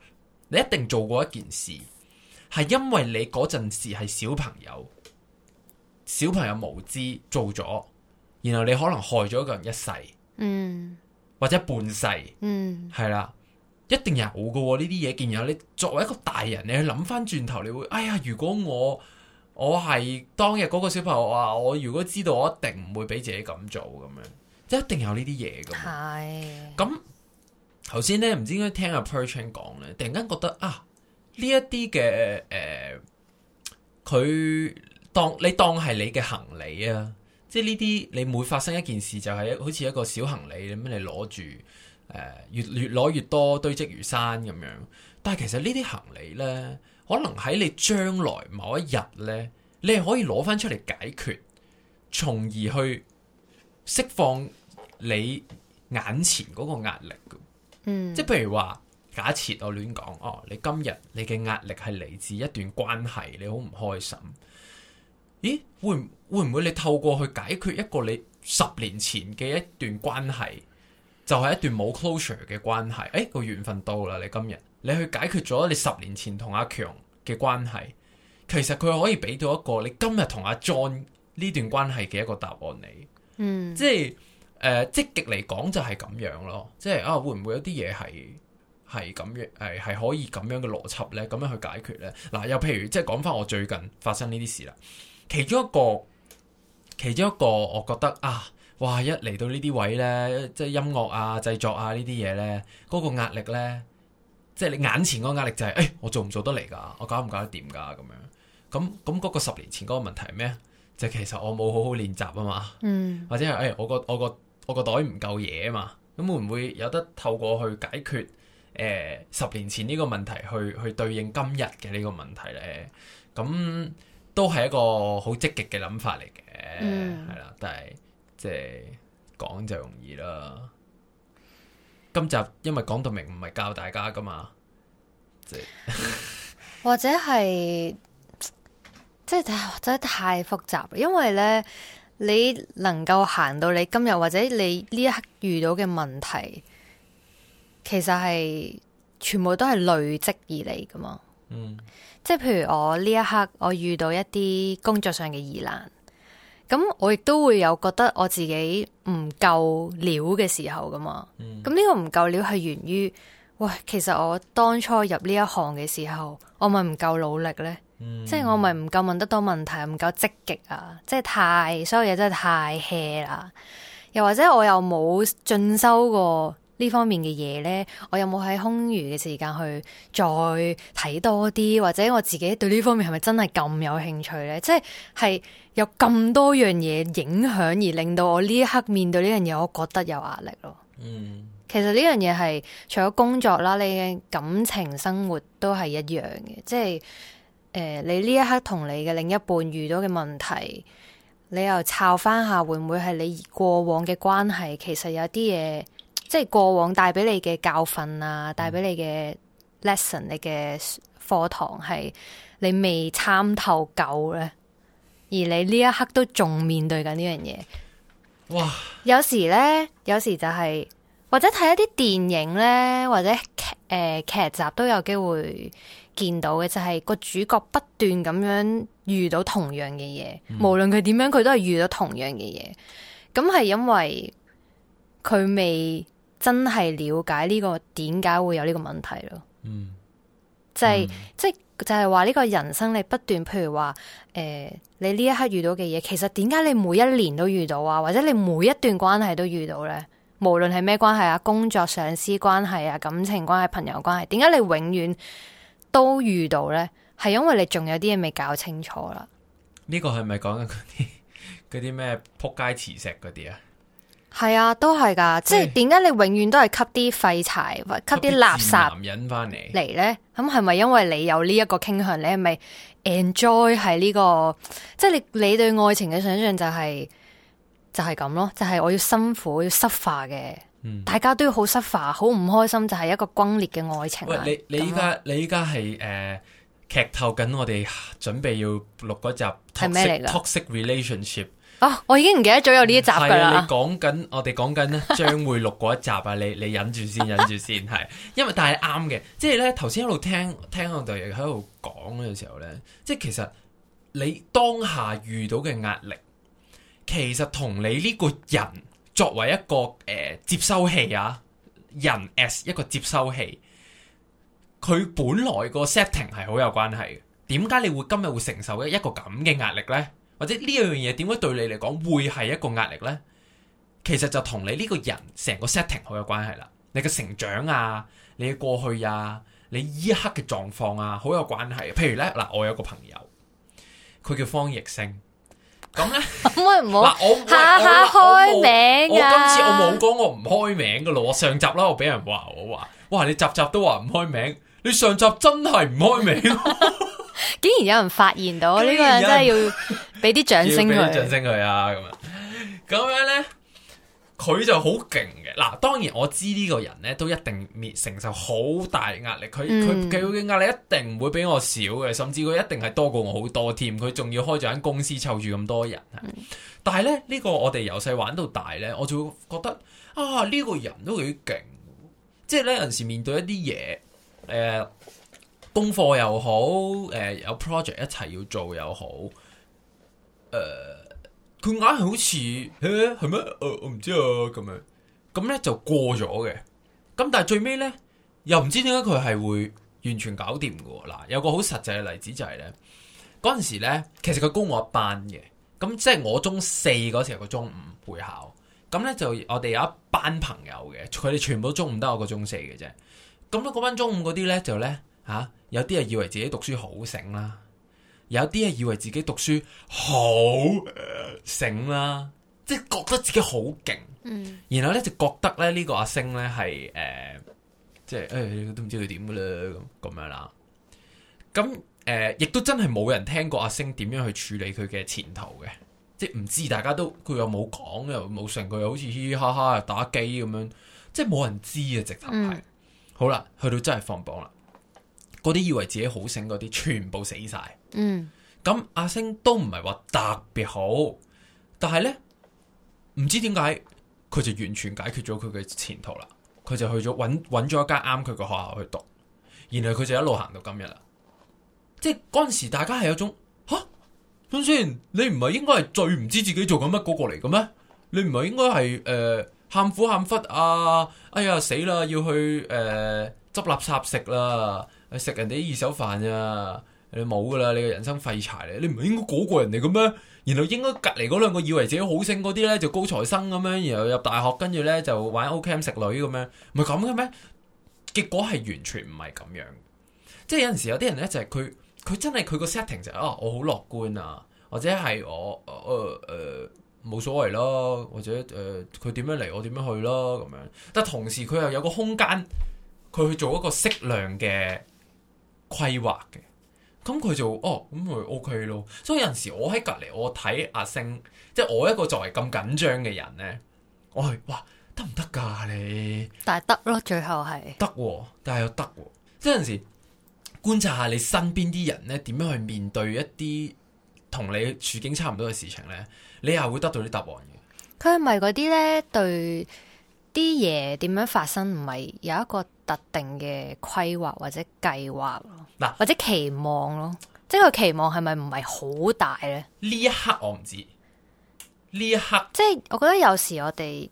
Speaker 1: 你一定做過一件事，係因為你嗰陣時係小朋友，小朋友無知做咗，然後你可能害咗一個人一世，嗯，或者半世，
Speaker 3: 嗯，
Speaker 1: 係啦，一定有嘅，哦。呢啲嘢，竟然你，你作為一個大人，你去諗翻轉頭，你會，哎呀，如果我。我係當日嗰個小朋友話：我如果知道，我一定唔會俾自己咁做咁樣，一定有嘛是的 呢啲嘢嘅。係咁頭先咧，唔知應該聽阿 Perchan 講咧，突然間覺得啊，呢一啲嘅誒，佢、呃、當你當係你嘅行李啊，即係呢啲你每發生一件事就係好似一個小行李咁樣你攞住誒，越越攞越多堆積如山咁樣。但係其實呢啲行李咧。可能喺你將來某一日呢，你係可以攞翻出嚟解決，從而去釋放你眼前嗰個壓力嘅。嗯，即係譬如話，假設我亂講，哦，你今日你嘅壓力係嚟自一段關係，你好唔開心。咦？會會唔會你透過去解決一個你十年前嘅一段關係，就係、是、一段冇 closure 嘅關係？誒，個緣分到啦，你今日。你去解決咗你十年前同阿強嘅關係，其實佢可以俾到一個你今日同阿 John 呢段關係嘅一個答案你，嗯即，即係誒積極嚟講就係咁樣咯，即係啊會唔會有啲嘢係係咁樣誒係、啊、可以咁樣嘅邏輯咧？咁樣去解決咧嗱、啊？又譬如即係講翻我最近發生呢啲事啦，其中一個其中一個我覺得啊，哇！一嚟到呢啲位咧，即係音樂啊製作啊呢啲嘢咧，嗰、嗰個壓力咧～即係你眼前嗰個壓力就係、是，誒、哎，我做唔做得嚟㗎？我搞唔搞得掂㗎？咁樣，咁咁嗰個十年前嗰個問題係咩？就是、其實我冇好好練習啊嘛，嗯、
Speaker 3: 或
Speaker 1: 者係誒、哎，我個我個我個袋唔夠嘢啊嘛。咁會唔會有得透過去解決誒、呃、十年前呢個問題去去對應今日嘅呢個問題咧？咁、嗯、都係一個好積極嘅諗法嚟嘅，係啦、嗯，但係即係講就容易啦。今集因為講到明唔係教大家噶嘛或，
Speaker 2: 或者係即係，太複雜。因為呢，你能夠行到你今日或者你呢一刻遇到嘅問題，其實係全部都係累積而嚟噶嘛。嗯，即係譬如我呢一刻我遇到一啲工作上嘅疑難。咁我亦都會有覺得我自己唔夠料嘅時候㗎嘛，咁呢、嗯、個唔夠料係源於，喂，其實我當初入呢一行嘅時候，我咪唔夠努力呢？嗯、即係我咪唔夠問得多問題，唔夠積極啊，即係太，所有嘢真係太 hea 啦，又或者我又冇進修過。呢方面嘅嘢呢，我有冇喺空餘嘅時間去再睇多啲，或者我自己對呢方面係咪真係咁有興趣呢？即係係有咁多樣嘢影響，而令到我呢一刻面對呢樣嘢，我覺得有壓力咯。嗯，其實呢樣嘢係除咗工作啦，你嘅感情生活都係一樣嘅，即係誒、呃，你呢一刻同你嘅另一半遇到嘅問題，你又抄翻下會唔會係你過往嘅關係？其實有啲嘢。即係過往帶俾你嘅教訓啊，帶俾你嘅 lesson，你嘅課堂係你未參透夠咧，而你呢一刻都仲面對緊呢樣嘢。
Speaker 3: 哇！
Speaker 2: 有時咧，有時就係或者睇一啲電影咧，或者劇誒劇集都有機會見到嘅，就係、是、個主角不斷咁樣遇到同樣嘅嘢，嗯、無論佢點樣，佢都係遇到同樣嘅嘢。咁係因為佢未。真係了解呢個點解會有呢個問題咯，嗯，嗯，就係即係就係話呢個人生你不斷，譬如話誒，呃，你呢一刻遇到嘅嘢，其實點解你每一年都遇到啊，或者你每一段關係都遇到呢？無論係咩關係啊，工作上司關係啊，感情關係、朋友關係，點解你永遠都遇到呢？係因為你仲有啲嘢未搞清楚啦。
Speaker 1: 呢個係咪講緊嗰啲嗰啲咩撲街磁石嗰啲啊？
Speaker 2: 係啊，都係噶，欸、即係點解你永遠都係吸啲廢柴或吸啲垃圾男人翻嚟嚟呢？咁係咪因為你有呢一個傾向？你係咪 enjoy 係呢個？即係你你對愛情嘅想象就係、是、就係、是、咁咯？就係、是、我要辛苦要 suffer 嘅、嗯，大家都要好 suffer，好唔開心就係一個轟烈嘅愛情、啊。喂，你
Speaker 1: 你依家、啊、你依家係誒劇透緊，我哋準備要錄嗰集係咩嚟？Toxic relationship。
Speaker 2: 啊、哦！我已經唔記得咗有呢一集噶啦。係啊，
Speaker 1: 講緊我哋講緊咧，將會錄嗰一集啊。 [LAUGHS] 你你忍住先，忍住先。係，因為但係啱嘅，即係咧，頭先一路聽聽我哋喺度講嘅時候咧，即係其實你當下遇到嘅壓力，其實同你呢個人作為一個誒、呃、接收器啊，人 as 一個接收器，佢本來個 setting 係好有關係嘅。點解你會今日會承受一一個咁嘅壓力咧？或者呢樣嘢點解對你嚟講會係一個壓力呢？其實就同你呢個人成個 setting 好有關係啦。你嘅成長啊，你嘅過去啊，你依刻嘅狀況啊，好有關係，啊。譬如呢，嗱，我有個朋友，佢叫方逸星。
Speaker 2: 咁咧，唔好 [LAUGHS] 我，我下下開名噶，啊。我今次我冇
Speaker 1: 講我唔開名噶咯。我上集啦，我俾人話我話，哇！你集集都話唔開名，你上集真係唔開名。 [LAUGHS] [LAUGHS]
Speaker 2: 竟然有人發現到呢個人，人真係要俾啲掌聲佢， [LAUGHS] [LAUGHS] 掌
Speaker 1: 聲佢啊！咁啊，咁樣咧，佢就好勁嘅。嗱，當然我知呢個人咧都一定面承受好大壓力，佢佢佢嘅壓力一定唔會比我少嘅，甚至佢一定係多過我好多添。佢仲要開咗間公司，湊住咁多人。 [LAUGHS] 但係咧呢、這個我哋由細玩到大咧，我就會覺得啊呢、這個人都幾勁，即係咧有時面對一啲嘢誒。呃功課又好，誒、呃、有 project 一齊要做又好，誒佢硬係好似，係、欸、咩？我唔知啊咁樣，咁咧就過咗嘅。咁但係最尾咧，又唔知點解佢係會完全搞掂嘅喎。嗱，有個好實際嘅例子就係、是、咧，嗰陣時咧，其實佢高我一班嘅，咁即係我中四嗰時候，佢、那個、中五會考。咁咧就我哋有一班朋友嘅，佢哋全部都中五，得我個中四嘅啫。咁咧嗰班中五嗰啲咧就咧嚇。啊有啲係以為自己讀書好醒啦，有啲係以為自己讀書好醒啦，即係覺得自己好勁，嗯、然後咧就覺得咧呢個阿星咧係、呃、誒，即係誒都唔知佢點嘅啦咁咁樣啦。咁誒、呃，亦都真係冇人聽過阿星點樣去處理佢嘅前途嘅，即係唔知大家都佢又冇講又冇佢，又有有好似嘻嘻哈哈又打機咁樣，即係冇人知啊！直頭係好啦，去到真係放榜啦。嗰啲以為自己好醒嗰啲，全部死晒。
Speaker 3: 嗯，
Speaker 1: 咁阿星都唔係話特別好，但係咧唔知點解佢就完全解決咗佢嘅前途啦。佢就去咗揾，揾咗一間啱佢嘅學校去讀，然後佢就一路行到今日啦。即係嗰陣時，大家係有種吓，咁、啊、先你唔係應該係最唔知自己做緊乜嗰個嚟嘅咩？你唔係應該係誒喊苦喊忽啊？哎呀死啦，要去誒、執、呃、垃圾食啦！食人哋啲二手飯咋、啊？你冇噶啦，你個人生廢柴嚟。你唔係應該嗰個人嚟嘅咩？然後應該隔籬嗰兩個以為自己好醒嗰啲咧，就高材生咁樣，然後入大學，跟住咧就玩 O.K.M、OK、食女咁樣，唔係咁嘅咩？結果係完全唔係咁樣。即係有陣時有啲人咧就係、是、佢，佢真係佢個 setting 就係、是、啊，我好樂觀啊，或者係我，誒、啊、誒，冇、呃呃、所謂咯，或者誒，佢點樣嚟，我點樣去咯咁樣。但同時佢又有個空間，佢去做一個適量嘅，規劃嘅，咁佢就哦，咁咪 OK 咯。所以有陣時我喺隔籬，我睇阿星，即係我一個作為咁緊張嘅人呢，我係哇，得唔得噶你
Speaker 2: 但係得咯，最後係得，
Speaker 1: 但係又得。即係有陣時觀察下你身邊啲人呢，點樣去面對一啲同你處境差唔多嘅事情呢？你又會得到啲答案嘅。
Speaker 2: 佢係咪嗰啲呢？對？啲嘢點樣發生唔係有一個特定嘅規劃或者計劃咯，嘆或者期望咯，即係個期望係咪唔係好大呢？
Speaker 1: 呢一刻我唔知，呢一刻即
Speaker 2: 係我覺得有時我哋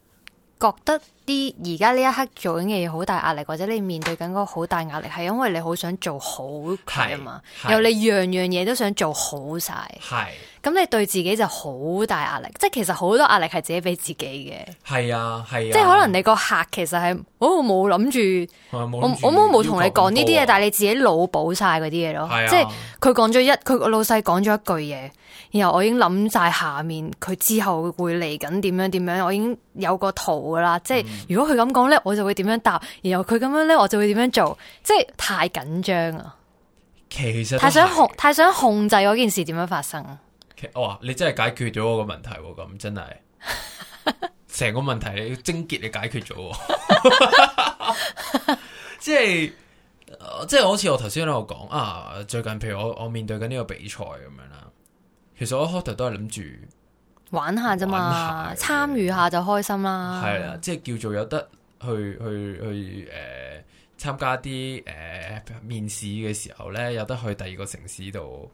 Speaker 2: 覺得。啲而家呢一刻做緊嘅嘢好大壓力，或者你面對緊個好大壓力，係因為你好想做好啊嘛？然後你樣樣嘢都想做好晒。係咁係你對自己就好大壓力。即係其實好多壓力係自己俾自己嘅。
Speaker 1: 係啊，係、啊。即係可能
Speaker 2: 你個客其實係哦、我冇諗住，
Speaker 1: 我、
Speaker 2: 啊、我冇同你講呢啲嘢，啊、但係你自己腦補晒嗰啲嘢咯。係啊，即係佢講咗一，佢老細講咗一句嘢，然後我已經諗晒下面佢之後會嚟緊點樣點樣，我已經有個圖㗎啦。即係。嗯如果佢咁講呢，我就會點樣答？然後佢咁樣呢，我就會點樣做？即係太緊張啊！
Speaker 1: 其實太想
Speaker 2: 控，太想控制嗰件事點樣發生？
Speaker 1: 哇、哦！你真係解決咗我個問題，咁真係成 [LAUGHS] 個問題，你要精結你解決咗， [LAUGHS] [LAUGHS] [LAUGHS] 即係即係好似我頭先喺度講啊，最近譬如我我面對緊呢個比賽咁樣啦，其實我一開頭都係諗住。
Speaker 2: 玩下啫嘛，參與下就開心啦。係啦，
Speaker 1: 即係叫做有得去去去誒、呃、參加啲誒、呃、面試嘅時候咧，有得去第二個城市度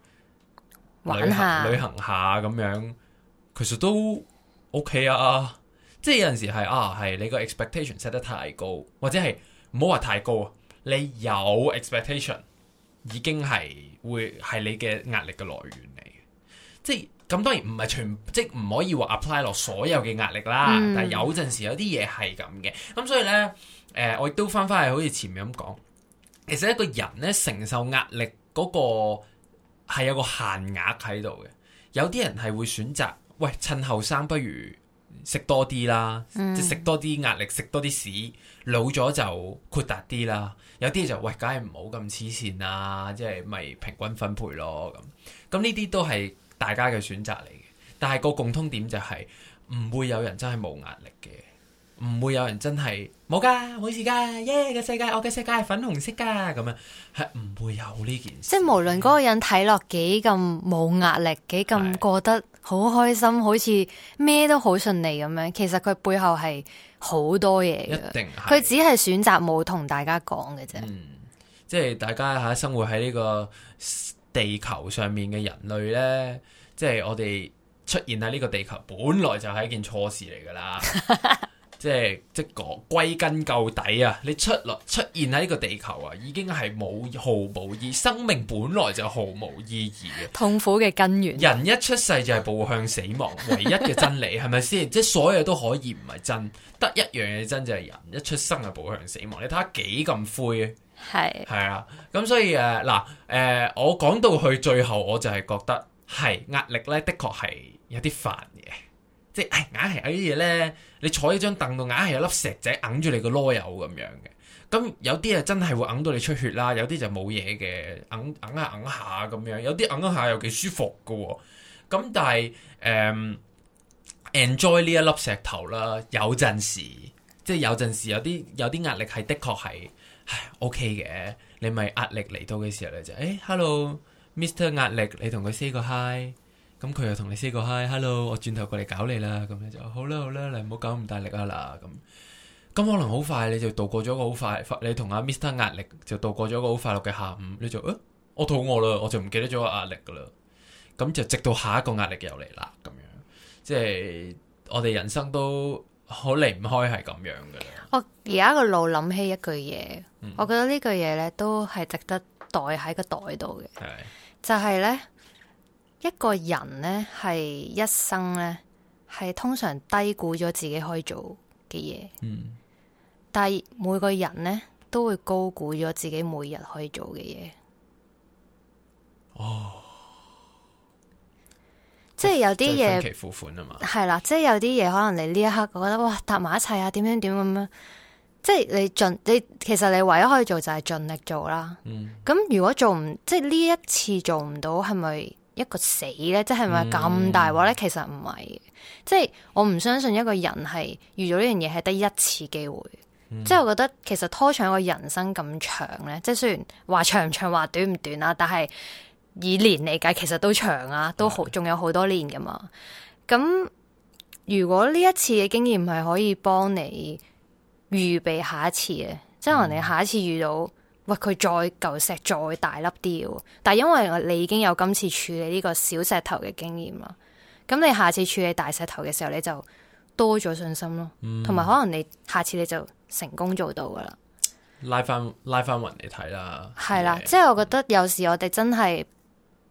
Speaker 1: 玩下旅行下咁樣，其實都 OK 啊。即係有陣時係啊，係你個 expectation set 得太高，或者係唔好話太高啊。你有 expectation 已經係會係你嘅壓力嘅來源嚟嘅，即係。咁當然唔係全即唔可以話 apply 落所有嘅壓力啦，嗯、但係有陣時有啲嘢係咁嘅。咁所以呢，誒、呃、我亦都翻翻去好似前面咁講，其實一個人呢承受壓力嗰、嗰個係有個限額喺度嘅。有啲人係會選擇，喂，趁後生不如食多啲啦、嗯、啦，啦，即食多啲壓力，食多啲屎，老咗就豁達啲啦。有啲人就喂，梗係唔好咁黐線啦，即係咪平均分配咯咁。咁呢啲都係大家嘅選擇嚟嘅，但係個共通點就係，唔會有人真係冇壓力嘅，唔會有人真係冇㗎，冇事㗎，耶嘅世界，我嘅世界係粉紅色㗎，咁樣係唔會有呢件
Speaker 2: 事。即係無論嗰個人睇落幾咁冇壓力，幾咁過得好開心，的好似咩都好順利咁樣，其實佢背後係好多嘢嘅，一定係，佢只係選擇冇同大家講嘅啫。嗯，
Speaker 1: 即係大家喺生活喺呢個。地球上面嘅人類呢，即係我哋出現喺呢個地球，本來就係一件錯事嚟噶啦。 [LAUGHS] 即係即講歸根究底啊，你出來出現喺呢個地球啊，已經係冇毫無意義，生命本來就毫無意義嘅痛
Speaker 2: 苦嘅根源。
Speaker 1: 人一出世就係步向死亡，唯一嘅真理係咪先？即係所有都可以唔係真，得一樣嘢真就係、是、人一出生就步向死亡。你睇下幾咁灰啊！係，係啊，咁所以誒，嗱，誒、呃，我講到去最後，我就係覺得係壓力咧，的確係有啲煩嘅，即係硬係有啲嘢咧，你坐喺張凳度，硬係、嗯、有粒石仔硬住你個囉柚咁樣嘅，咁有啲啊真係會硬到你出血啦，有啲就冇嘢嘅，硬硬下硬下咁樣，有啲硬下又幾舒服噶、哦，咁、嗯、但係誒、嗯、，enjoy 呢一粒石頭啦，有陣時，即係有陣時有啲有啲壓力係的確係。唉，OK 嘅，你咪壓力嚟到嘅時候咧就，哎、欸、Hello Mr 壓力，你同佢 say 個 hi，咁佢又同你 say 個 hi，Hello，我轉頭過嚟搞你啦，咁樣就好啦好啦，你唔好搞咁大力啊啦，咁，咁可能好快你就度過咗個好快，你同阿 Mr 壓力就度過咗個好快樂嘅下午，你就，欸、我肚餓啦，我就唔記得咗個壓力噶啦，咁就直到下一個壓力又嚟啦，咁樣，即係我哋人生都。好離唔開係咁樣嘅。
Speaker 2: 我而家個腦諗起一句嘢，嗯，我覺得句呢句嘢咧都係值得袋喺個袋度嘅。是是就係呢，一個人呢係一生呢係通常低估咗自己可以做嘅嘢。嗯，但係每個人呢都會高估咗自己每日可以做嘅嘢。哦。即係有啲嘢，分期付款啊嘛，係啦，即係有啲嘢可能你呢一刻，我覺得哇搭埋一齊啊，點樣點咁樣，即係你盡你其實你唯一可以做就係盡力做啦。咁、嗯、如果做唔即係呢一次做唔到，係咪一個死咧？即係咪咁大鑊咧？其實唔係，嗯、即係我唔相信一個人係遇到呢樣嘢係得一次機會。嗯、即係我覺得其實拖長一個人生咁長咧，即係雖然話長唔長話短唔短啦，但係，以年嚟計，其實都長啊，都好，仲有好多年㗎嘛。咁如果呢一次嘅經驗係可以幫你預備下一次嘅，嗯、即係可能你下一次遇到，喂，佢再舊石再大粒啲嘅，但係因為你已經有今次處理呢個小石頭嘅經驗啦，咁你下次處理大石頭嘅時候，你就多咗信心咯，同埋、嗯、可能你下次你就成功做到㗎喇。
Speaker 1: 拉返拉返雲嚟睇啦，係啦的，的即
Speaker 2: 係我覺得有時我哋真係。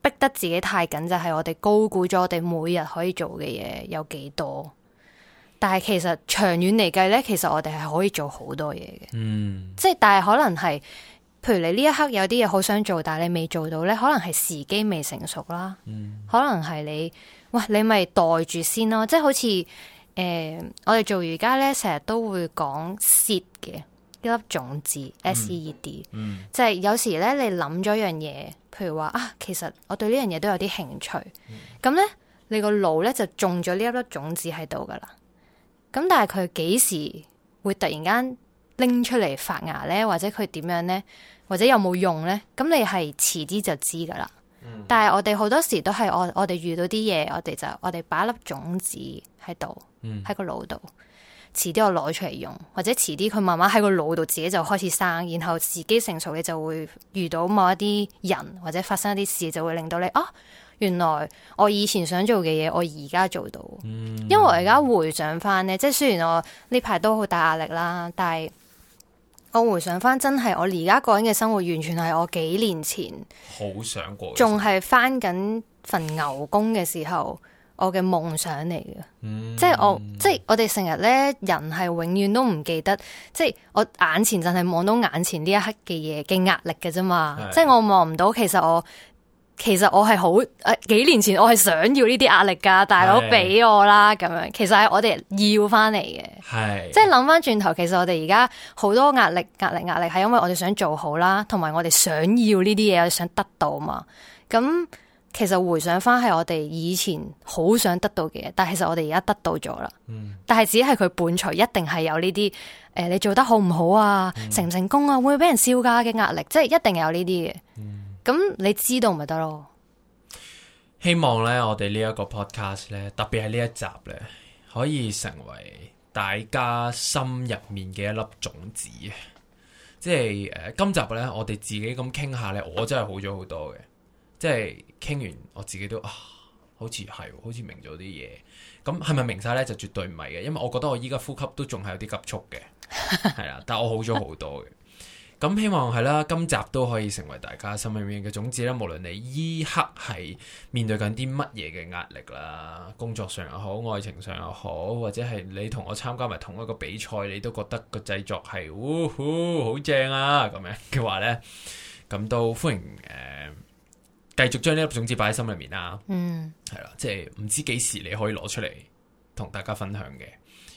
Speaker 2: 逼得自己太緊，就係、是、我哋高估咗我哋每日可以做嘅嘢有幾多，但係其實長遠嚟計咧，其實我哋係可以做好多嘢嘅。嗯，即，即係但係可能係，譬如你呢一刻有啲嘢好想做，但係你未做到咧，可能係時機未成熟啦。嗯、可能係你，喂，你咪待住先咯。即係好似，誒、呃，我哋做瑜伽咧，成日都會講 sit 嘅。一粒種子，seed，即係有時咧，你諗咗一樣嘢，譬如話啊，其實我對呢樣嘢都有啲興趣，咁咧、嗯，你個腦咧就種咗呢一粒種子喺度噶啦。咁但係佢幾時會突然間拎出嚟發芽咧，或者佢點樣咧，或者有冇用咧？咁你係遲啲就知噶啦。嗯、但係我哋好多時都係我我哋遇到啲嘢，我哋就我哋擺粒種子喺度，喺個腦度。嗯遲啲我攞出嚟用，或者遲啲佢慢慢喺個腦度自己就開始生，然後自己成熟嘅，就會遇到某一啲人或者發生一啲事，就會令到你哦、啊，原來我以前想做嘅嘢，我而家做到。嗯，因為我而家回想翻，呢，即係雖然我呢排都好大壓力啦，但係我回想翻真係我而家個人嘅生活，完全係我幾年前
Speaker 1: 好想過，仲係
Speaker 2: 翻緊份牛工嘅時候。我嘅夢想嚟嘅，嗯、即係我，即係我哋成日咧，人係永遠都唔記得，即係我眼前淨係望到眼前呢一刻嘅嘢嘅壓力嘅啫嘛，是的 即係我望唔到其，其實我其實我係好誒，幾年前我係想要呢啲壓力噶，大佬俾我啦，咁樣，其實係我哋要翻嚟嘅，係，是
Speaker 3: 的 即係諗
Speaker 2: 翻轉頭，其實我哋而家好多壓力，壓力，壓力係因為我哋想做好啦，同埋我哋想要呢啲嘢，我哋想得到嘛，咁。其實回想翻係我哋以前好想得到嘅嘢，但係其實我哋而家得到咗啦。嗯、但係只係佢伴隨一定係有呢啲誒，你做得好唔好啊？成唔成功啊？會唔會俾人笑㗎嘅壓力？即係一定有呢啲嘅。嗯，咁你知道咪得咯？
Speaker 1: 希望呢我哋呢一個 podcast 咧，特別係呢一集咧，可以成為大家心入面嘅一粒種子。即係誒、呃，今集咧，我哋自己咁傾下咧，我真係好咗好多嘅。即係傾完，我自己都啊，好似係，好似明咗啲嘢。咁係咪明晒呢？就絕對唔係嘅，因為我覺得我依家呼吸都仲係有啲急促嘅，係啦。 [LAUGHS] 但我好咗好多嘅。咁希望係啦，今集都可以成為大家心裏面嘅。總之咧，無論你依刻係面對緊啲乜嘢嘅壓力啦，工作上又好，愛情上又好，或者係你同我參加埋同一個比賽，你都覺得個製作係，呼、哦哦」好正啊！咁樣嘅話呢，咁都歡迎誒。呃繼續將呢粒種子擺喺心裏面啦，
Speaker 3: 嗯，
Speaker 1: 係啦，即係唔知幾時你可以攞出嚟同大家分享嘅。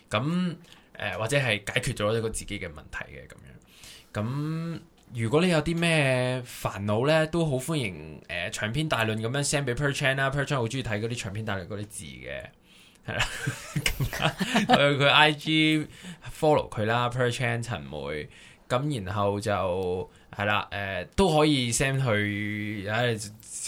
Speaker 1: 咁誒、呃、或者係解決咗一個自己嘅問題嘅咁樣。咁如果你有啲咩煩惱咧，都好歡迎誒、呃、長篇大論咁樣 send 俾 Per Chan 啦、啊，Per Chan 好中意睇嗰啲長篇大論嗰啲字嘅，係 [LAUGHS] [LAUGHS] 啦。去佢 IG follow 佢啦，Per Chan 陳梅。咁然後就係啦，誒、呃、都可以 send 去，唉、呃。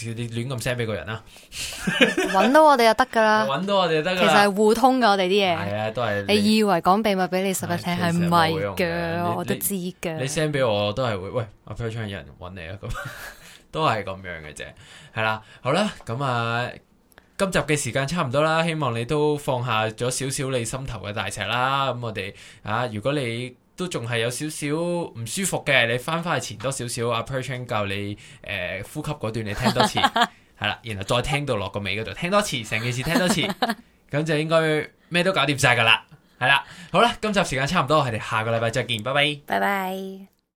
Speaker 1: 你亂咁 send 俾個人啦、
Speaker 2: 啊，搵 [LAUGHS] 到我哋就得噶啦，搵到我哋就得噶啦，其實係互通噶我哋啲嘢，係啊都係。你以為講秘密俾你拾壹聽係唔係嘅，我都知嘅。你
Speaker 1: send 俾我都係會，喂，阿 Per 有人搵你啊，咁 [LAUGHS] 都係咁樣嘅啫，係啦、啊，好啦，咁、嗯、啊，今集嘅時間差唔多啦，希望你都放下咗少少你心頭嘅大石啦，咁、嗯、我哋啊，如果你。都仲係有少少唔舒服嘅，你翻翻去前多少少 [LAUGHS] 啊 Perchan 教你誒、呃、呼吸嗰段，你聽多次，係啦， [LAUGHS] 然後再聽到落個尾嗰度，聽多次，成件事聽多次，咁 [LAUGHS] 就應該咩都搞掂晒噶啦，係啦，好啦，今集時間差唔多，我哋 [LAUGHS] 下個禮拜再見，拜拜，
Speaker 2: 拜拜。